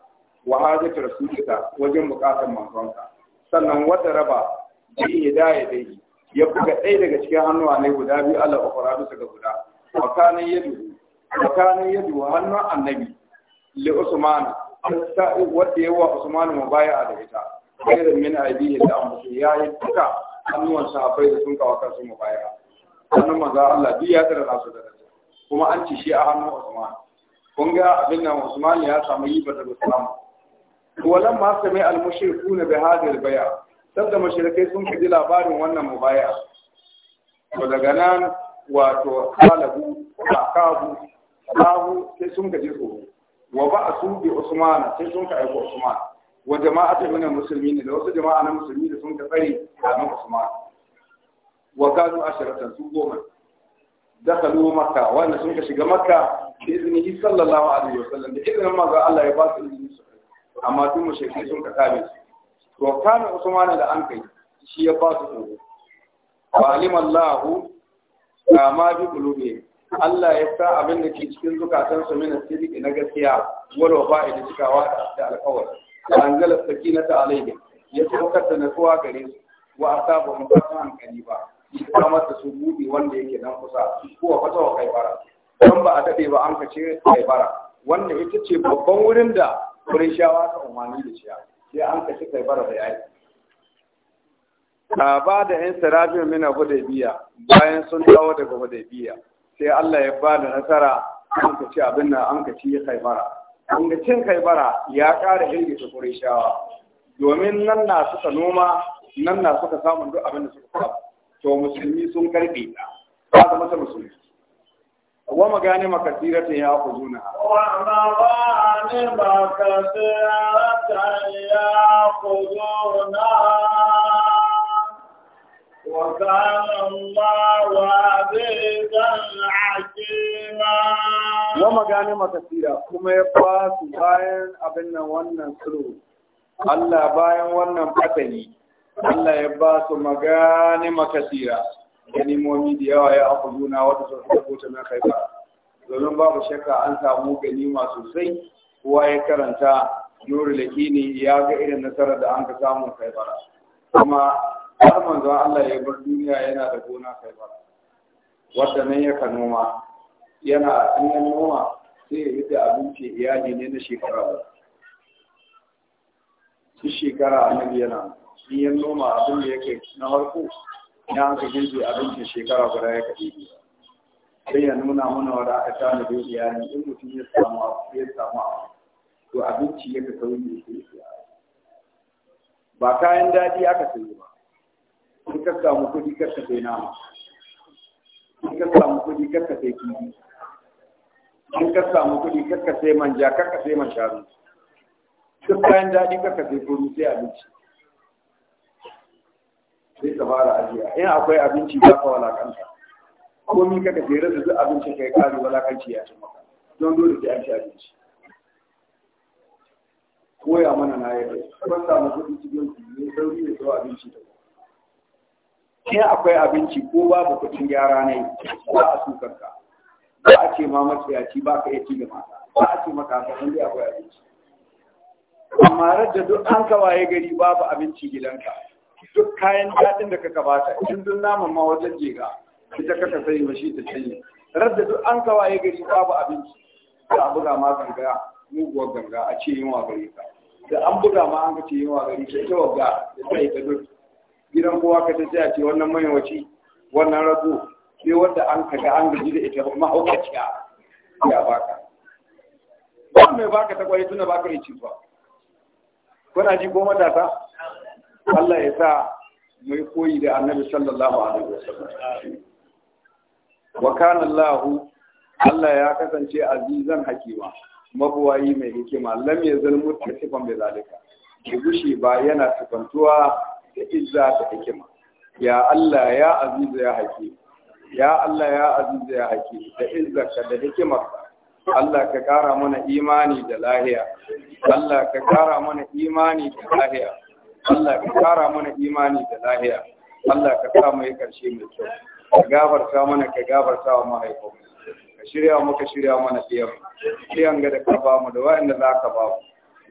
wa hajjata wajen bukatar manzonka sannan wata raba bi ya dai ya buga ɗaya daga cikin hannuwa ne guda biyu Allah ya ukhra bisa ga guda wa yadu wa yadu hannun annabi li usman sai wanda ya yawa usman mubaya da ita khairan min aidihi da amsu ya yi duka hannuwan sahabbai da sun kawo kansu mubaya hannun maza Allah bi ya tsara nasu da kuma an ci shi a hannun usman kun ga abin nan usman ya samu yi ba da salama walan ma sami al-mushriku na bi hadhihi al-bay'a sabda mushrikai sun kaji labarin wannan mubaya to daga nan wato qalabu qabu qabu sai sun kaji tsoro wa ba'su bi usman sai sun ka aiko usman wa jama'atu min Musulmi ne, da wasu jama'a na musulmi da sun ka tsare a usman wa kanu asharatan su goma دخلوا shiga وأنا سنك شجع مكة بإذنه صلى الله عليه وسلم بإذن ما قال الله يبارك لي amma duk mushrike sun ka kame su to kana usman da an kai shi ya ba su tsoro wa alima allah ma bi kulubi Allah ya sa abin da ke cikin zukatan su mina sidiki na gaskiya wala fa'i da cikawa da alƙawari anzala sakinata alayhi ya saukar da nasuwa gare su wa asaba mu ba hankali ba ita mata su buɗe wanda yake nan kusa ko a fata wa kai bara. don ba a daɗe ba an kace bara. wanda ita ce babban wurin da wurin shawa ka umarni da ciya sai an ka kai bara da yaki ba da yan sarafin mina hudaybiya bayan sun dawo daga hudaybiya sai Allah ya ba da nasara an ka ci abin nan an ka ci kai bara an ga cin kai bara ya ƙara kuri shawa. domin nan na suka noma nan na suka samun duk abin da suka samu to musulmi sun karbe ta ba da masa musulmi wa magani makasira ta ya ku zuna wa magani makasira wa makasira kuma ya ba su bayan abin wannan Allah bayan wannan fatani Allah ya ba su magani makasira ganimomi da yawa ya aka juna wata sun fi ta na kai ba domin babu shakka an samu ganima sosai kowa ya karanta da lakini ya ga irin nasarar da an ka samu kai bara kuma har manzo Allah ya bar duniya yana da gona kai bara wanda nan ya ka noma yana in ya noma sai ya da abinci iyali ne na shekara ba shi shekara annabi yana in noma abin da yake na harko. ya aka girbe abinci shekara guda ya kaɗe ne sai ya nuna mana wanda aka tana da iyali in mutum ya samu ya samu to abinci ya ka kawai ne ke yi. ba kayan daɗi aka sayi ba in ka samu kuɗi kar sai nama in ka samu kuɗi kar sai kifi in ka samu kuɗi kar sai manja kar ka sai man sharu. duk kayan daɗi kar ka sai kuru sai abinci sai ka fara ajiya in akwai abinci ba ka walakanta komi kaka tsere rasa duk abinci kai kare walakanci ya ci maka don dole sai an ci abinci koya mana na yadda ban samu kuɗi cikin ne sauri da zuwa abinci da in akwai abinci ko babu kuɗin gyara ne ko a sukarka ba a ce ma matsayaci ba ka iya ci da ba a ce maka ka inda akwai abinci amma da duk an kawaye gari babu abinci gidanka duk kayan daɗin da kaka gabata, in duk naman ma wata jega ita kaka sai mashi shi ta sanya radda duk an kawaye gari babu abinci da a buga ma ganga muguwar ganga a ce yin wagari ka da an buga ma an ka ce yin wagari ka ita wagga da ta ta duk gidan kowa ka ta sai ce wannan mayawaci wannan rago sai wanda an ka ga an gaji da ita mahaukaciya ya baka ba mai baka ta kwaye tuna baka yi ci ba kuna ji ko matasa Allah ya sa mu yi koyi da annabi sallallahu alaihi wasallam wa kana Allah Allah ya kasance azizan hakima mabuwayi mai hikima lam zalmu muttasifan bi zalika ki gushi ba yana sifantuwa da izza da hikima ya Allah ya azizu ya hakim ya Allah ya azizu ya hakim da izza da hikima Allah ka kara mana imani da lahiya Allah ka kara mana imani da lahiya Allah ka kara mana imani da lahiya Allah ka sa mu yi karshe mai kyau ka gafarta mana ka gafarta wa mahaifinmu ka shirya muka shirya mana ɗiyan ɗiyan ga da ka ba mu da wa'anda za ka ba mu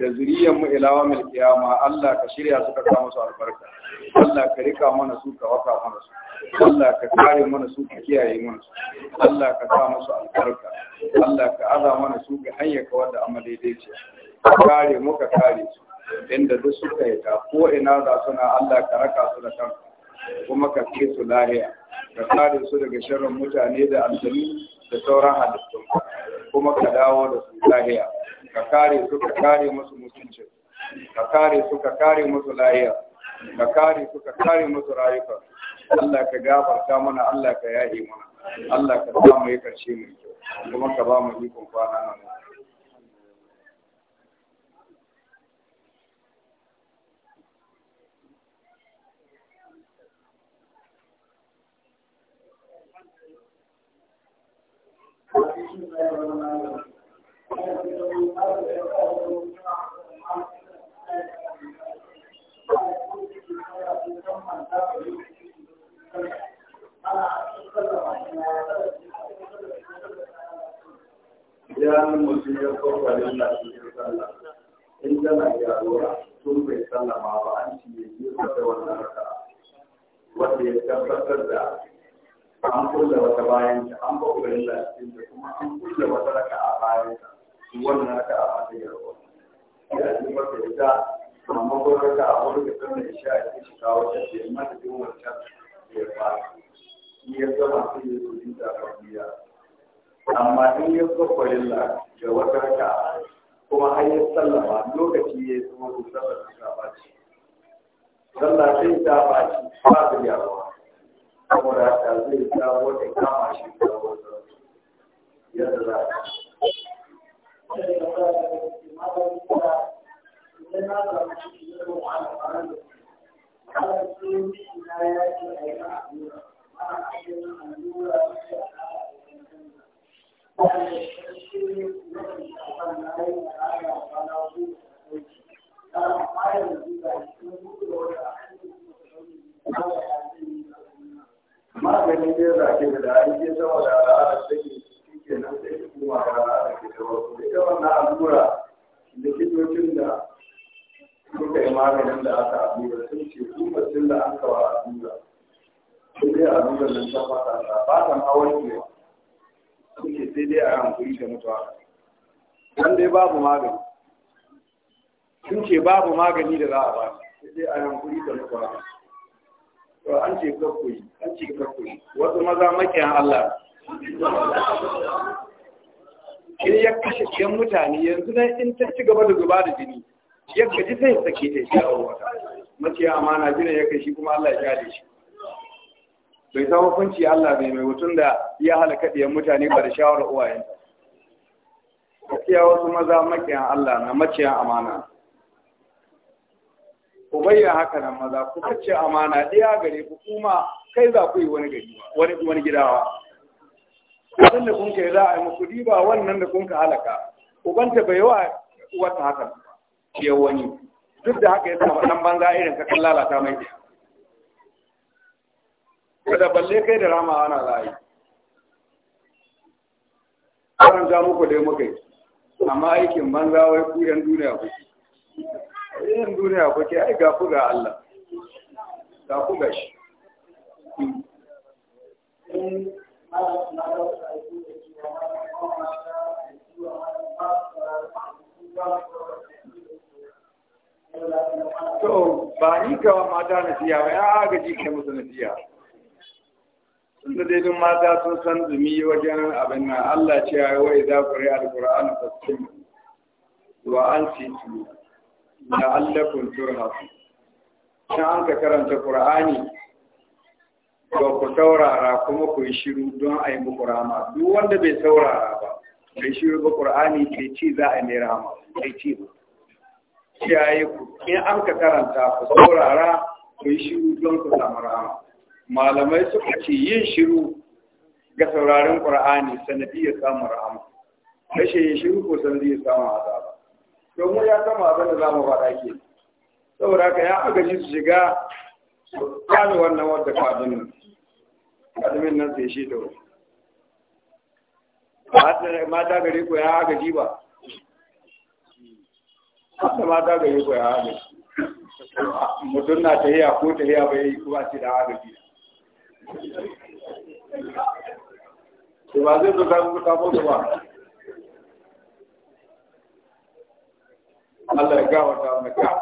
da zuriyar mu ilawa mil kiyama Allah ka shirya su ka sa musu albarka Allah ka rika mana su ka waka mana su Allah ka kare mana su ka kiyaye mana su Allah ka sa musu albarka Allah ka aza mana su ga hanyar ka wanda amma daidai ce ka kare mu ka kare su inda duk suka yi ta ko ina za suna Allah ka raka su da kanka kuma ka ke su lahiya ka kare su daga shirin mutane da aljanu da sauran halittun kuma ka dawo da su lahiya ka kare su ka kare musu mutuncin ka kare su ka kare musu lahiya ka kare su ka kare musu rayuka Allah ka gafarta mana Allah ka yahe mana Allah ka samu ya karshe mu kuma ka ba mu ikon kwana nan idan ya kwakwa lalla cikin sallah in tana tun bai sallama ba an ci ya yi ya tabbatar da an kulla wata bayanta, an ba ƙoƙarin cikin ta kuma an kulla wata raka a bayanta su wannan raka a mata ya rawa ya ji mata ita amma ko raka a wani da kan isha ya ce shiga wata ce amma da jin wata ya fara shi ya zama su yi su yi zafafiya amma in ya zo farilla da wata raka a kuma an yi sallama lokaci ya yi tsohon sallar ta ba ce sallar sai ta ba ce ba ta yawa saboda haka zai dawo da kama shi da yadda za a Thank you. magani ne da ke da an ke sama da al'adar take shi ke nan sai ki kuma da al'adar ke da wasu ita wannan allura likitocin da suka yi maganin da aka allura sun ce lokacin da an kawo allura sai dai allura nan ta fata ta ba ta hawan kewa suke sai dai a hankuri da mutuwa dan dai babu magani sun ce babu magani da za a ba sai dai a hankuri da mutuwa to an ce kakkoyi an ce kakkoyi wasu maza makiyan Allah in ya kashe ɗan mutane yanzu dai in ta ci gaba da zuba da jini ya gaji sai sake ta shi a wata mace amana jinin ya kashi kuma Allah ya kyale shi bai samu hukunci Allah bai mai mutum da ya halaka ɗiyan mutane ba da shawarar uwayen gaskiya wasu maza makiyan Allah na maciyan amana ku bayyana haka nan maza ku kace amana ɗaya gare ku kuma kai za ku yi wani gari wani wani gidawa abin da kun kai za a yi muku diba wannan da kun ka halaka ubanta bai wa wata haka ya wani duk da haka ya sa banza irin ka lalata mai kada balle kai da rama ana za a yi karanta muku dai muka yi amma aikin banza wai ku yan duniya ku yin duniya ke, ai ga ku ga Allah ga ku ga shi to ba ni ga mata na siya ba ya agaji ke musu na siya sun da daidin mata sun san zumi wajen abin nan Allah ce ya yi wa idza quri'a al-qur'an fastin wa ansitu la'allakum turhasu in an ka karanta qur'ani ba ku saurara kuma ku yi shiru don a yi muku rama duk wanda bai saurara ba bai shiru ba qur'ani bai ci za a yi rama bai ci ba shi yi ku in an ka karanta ku saurara ku yi shiru don ku samu rama malamai suka ce yin shiru ga sauraron qur'ani sanadiyar samun rama rashin yin shiru ko sanadiyar samun azaba domin ya kama abin da za mu faɗa ke saboda ka ya agaji su shiga su kano wannan wadda kwadin nan kwadin nan sai shi da mata gari ko ya ji ba wata mata gari ko ya ji mutum na tahiya ko tahiya bai yi kuma ce da ji ba zai zo ta kuka ba Allah ya ta wani ka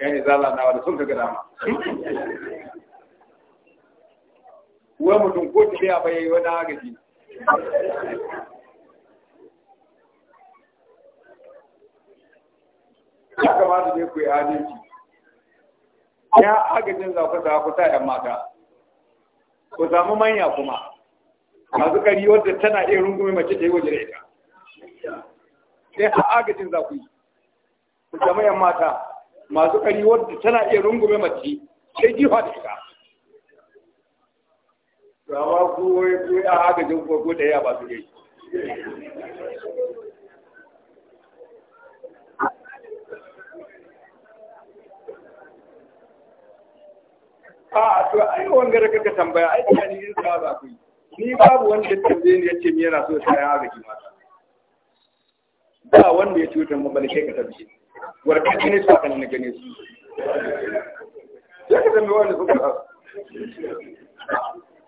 yan izala na wani sun kaga dama wa mutum ko tafiya bai yi wani agaji ya kamata ne ku yi adalci ya agajin za ku sa ku sa yan mata ku samu manya kuma masu kari wadda tana iya rungume mace ta yi waje da ita sai a agajin za ku yi jamayan mata masu kari wadda tana iya rungume mace sai jifa da ita Rawa ku wai ku a agajin farko da ya ba su dai a to ai wanga da kaka tambaya ai da ni sa ba ku ni babu wanda ya tambaye ni yace me yana so sai ya agaji mata ba wanda ya cutar mu bale kai ka tabbace warka gane su kan na gane su ya ka zama wanda suka rasu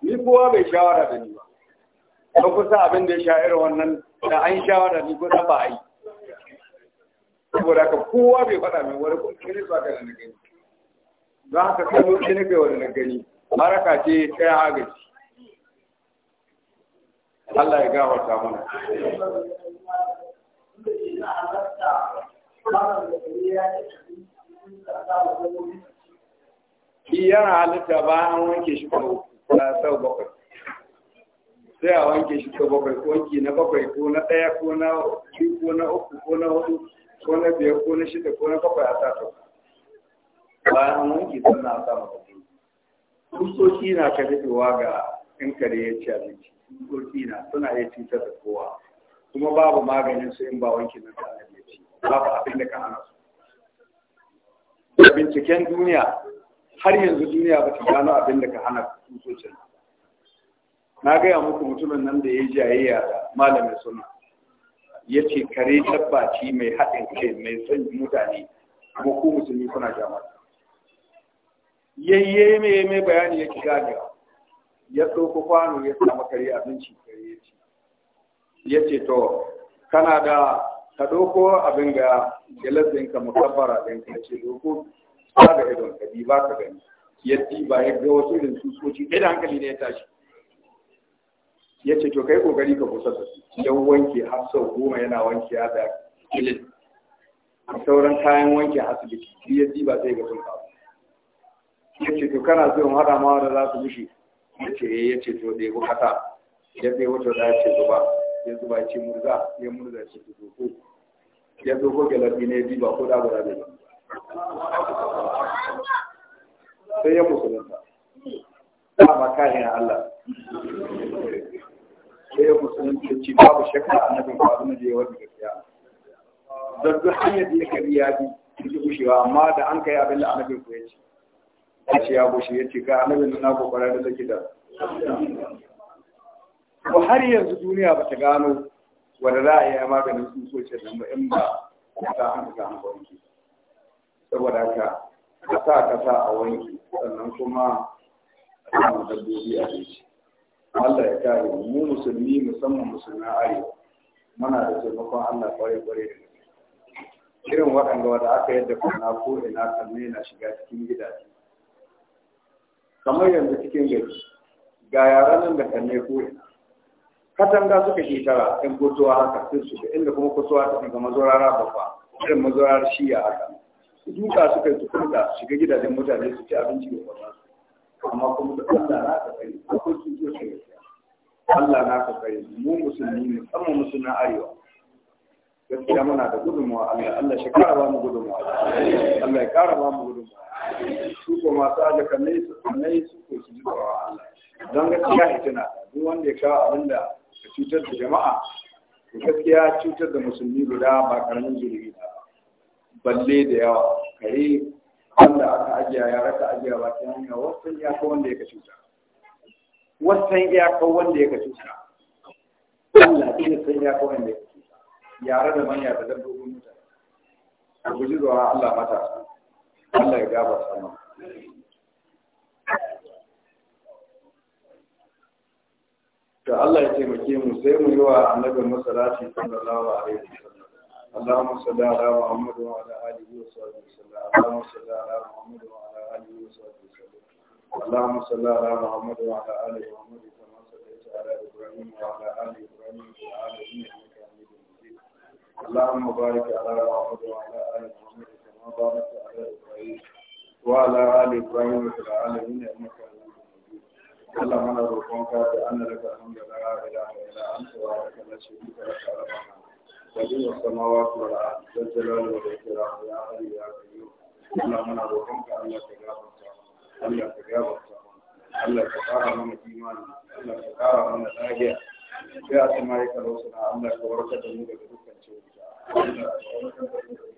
ni kowa bai shawara da ni ba ba sa abin da ya sha irin wannan da an shawara ni kusa ba a yi saboda ka kowa bai faɗa min wani kun kiri su kan na gani Za haka sai mun kiri kai wani na gani maraka ce ta agaji Allah ya gafarta mana. yana bakwai sai a wanke shi bakwai ko wanki na bakwai ko na ɗaya ko na biyu ko na uku ko na hudu ko na biyar ko na shida ko na bakwai a sata bayan an wanke bakwai kusoci na ka ga in kare ya ci abinci na suna iya cutar da kowa kuma babu maganin su in ba wanki na ta abin da ka hana su da binciken duniya har yanzu duniya ba ta gano abin da ka hana tutocin na gaya muku mutumin nan da ya yi jayayya da malamin suna ya ce kare tabbaci mai haɗin kai mai son mutane kuma ku musulmi kuna jama'a yayye mai mai bayani ya kira da ya tsoko kwano ya samu kare abinci kare ya ce to kana da ka ɗauko abin ga gilas ɗinka musabbara ɗin ka ce doko ba ga idon ka bi ba ka gani yadda ba ya ga wasu irin tsutsoci ɗaya da hankali ne ya tashi ya ce to kai kokari ka kusa da su yan wanke har sau goma yana wanke ya da kilin a sauran kayan wanke a asibiti shi ya ba sai ga sun kawo ya ce to kana so hada ma da za su mushi ya ce eh, ya ce to ɗaya bukata ya ce wato da ya ce zuba ya zuba ya ce murza ya murza ce ta ya zoko ga lafi ne diba ko da guda bai sai ya musulunta ta ma kayan Allah sai ya musulunta ya ce babu shakka a ba abin na ya da gaskiya don hanyar da ya kari ya bi ta ji gushewa amma da an kai abin da annabin ku ya ce ya ce ya gushe ya ce ka annabin na kokarar da take da ko har yanzu duniya ba ta gano wanda za a iya maganin sun ce nan ba in ba ta an ga an wanki saboda haka ka sa ka a wanki sannan kuma a samu dabbobi a ci Allah ya kare mu musulmi musamman musulmi arewa muna da taimakon Allah kwarai kwarai da irin waɗanda wanda aka yadda kuna ko ina sannan na shiga cikin gidaje kamar yanzu cikin gari ga yaran da kanne ko ina katanga suka ke tara in gotowa haka sun suka inda kuma kusurwa ta ga mazorara babba irin shi ya haka duka suka yi tukunta shiga gidajen mutane su ci abinci da kwanan amma kuma da Allah na ka kare akwai cuto ce Allah na ka kai mu musulmi ne musamman musulmin arewa gaskiya muna da gudunmawa Allah Allah shi kara ba mu gudunmawa Allah ya kara ba mu gudunmawa su ko masu ajakan ne su ne su ko su ji tsoron Allah don gaskiya na duk wanda ya kawo abin da. da cutar da jama'a da gaskiya cutar da musulmi guda ba karamin zurfi ba balle da yawa kare wanda aka ajiya ya rasa ajiya ba ta hanya wasan ya ka wanda ya ka cuta wasan ya wanda ya ka cuta Allah ya san ya wanda ya ka cuta yare da manya da dabbobin mutane a guji zuwa Allah mata Allah ya gaba sama. da Allah ya taimake mu sai mu yi wa annabin masalati sallallahu alaihi wasallam ala Muhammad wa ala alihi wa sahbihi sallam wa ala alihi wa sahbihi sallam Allahumma salli ala wa ala alihi wa Muhammad kama sallaita ala Ibrahim wa ala ali Ibrahim fil alamin innaka Hamidum Majid Allahumma barik ala Muhammad wa ala ali Muhammad kama barakta ala wa Allah mana roƙonka da annalaka alhamdulillah la ilaha illa anta wa laka al-shukru wa laka al-hamd بديع السماوات والارض ذا الجلال والاكرام يا حي يا قيوم الله من ابوكم الله تجابر الله تجابر الله تقارى من الايمان الله تقارى من الاهياء يا سمايك الوسطى الله تبارك وتعالى الله تبارك وتعالى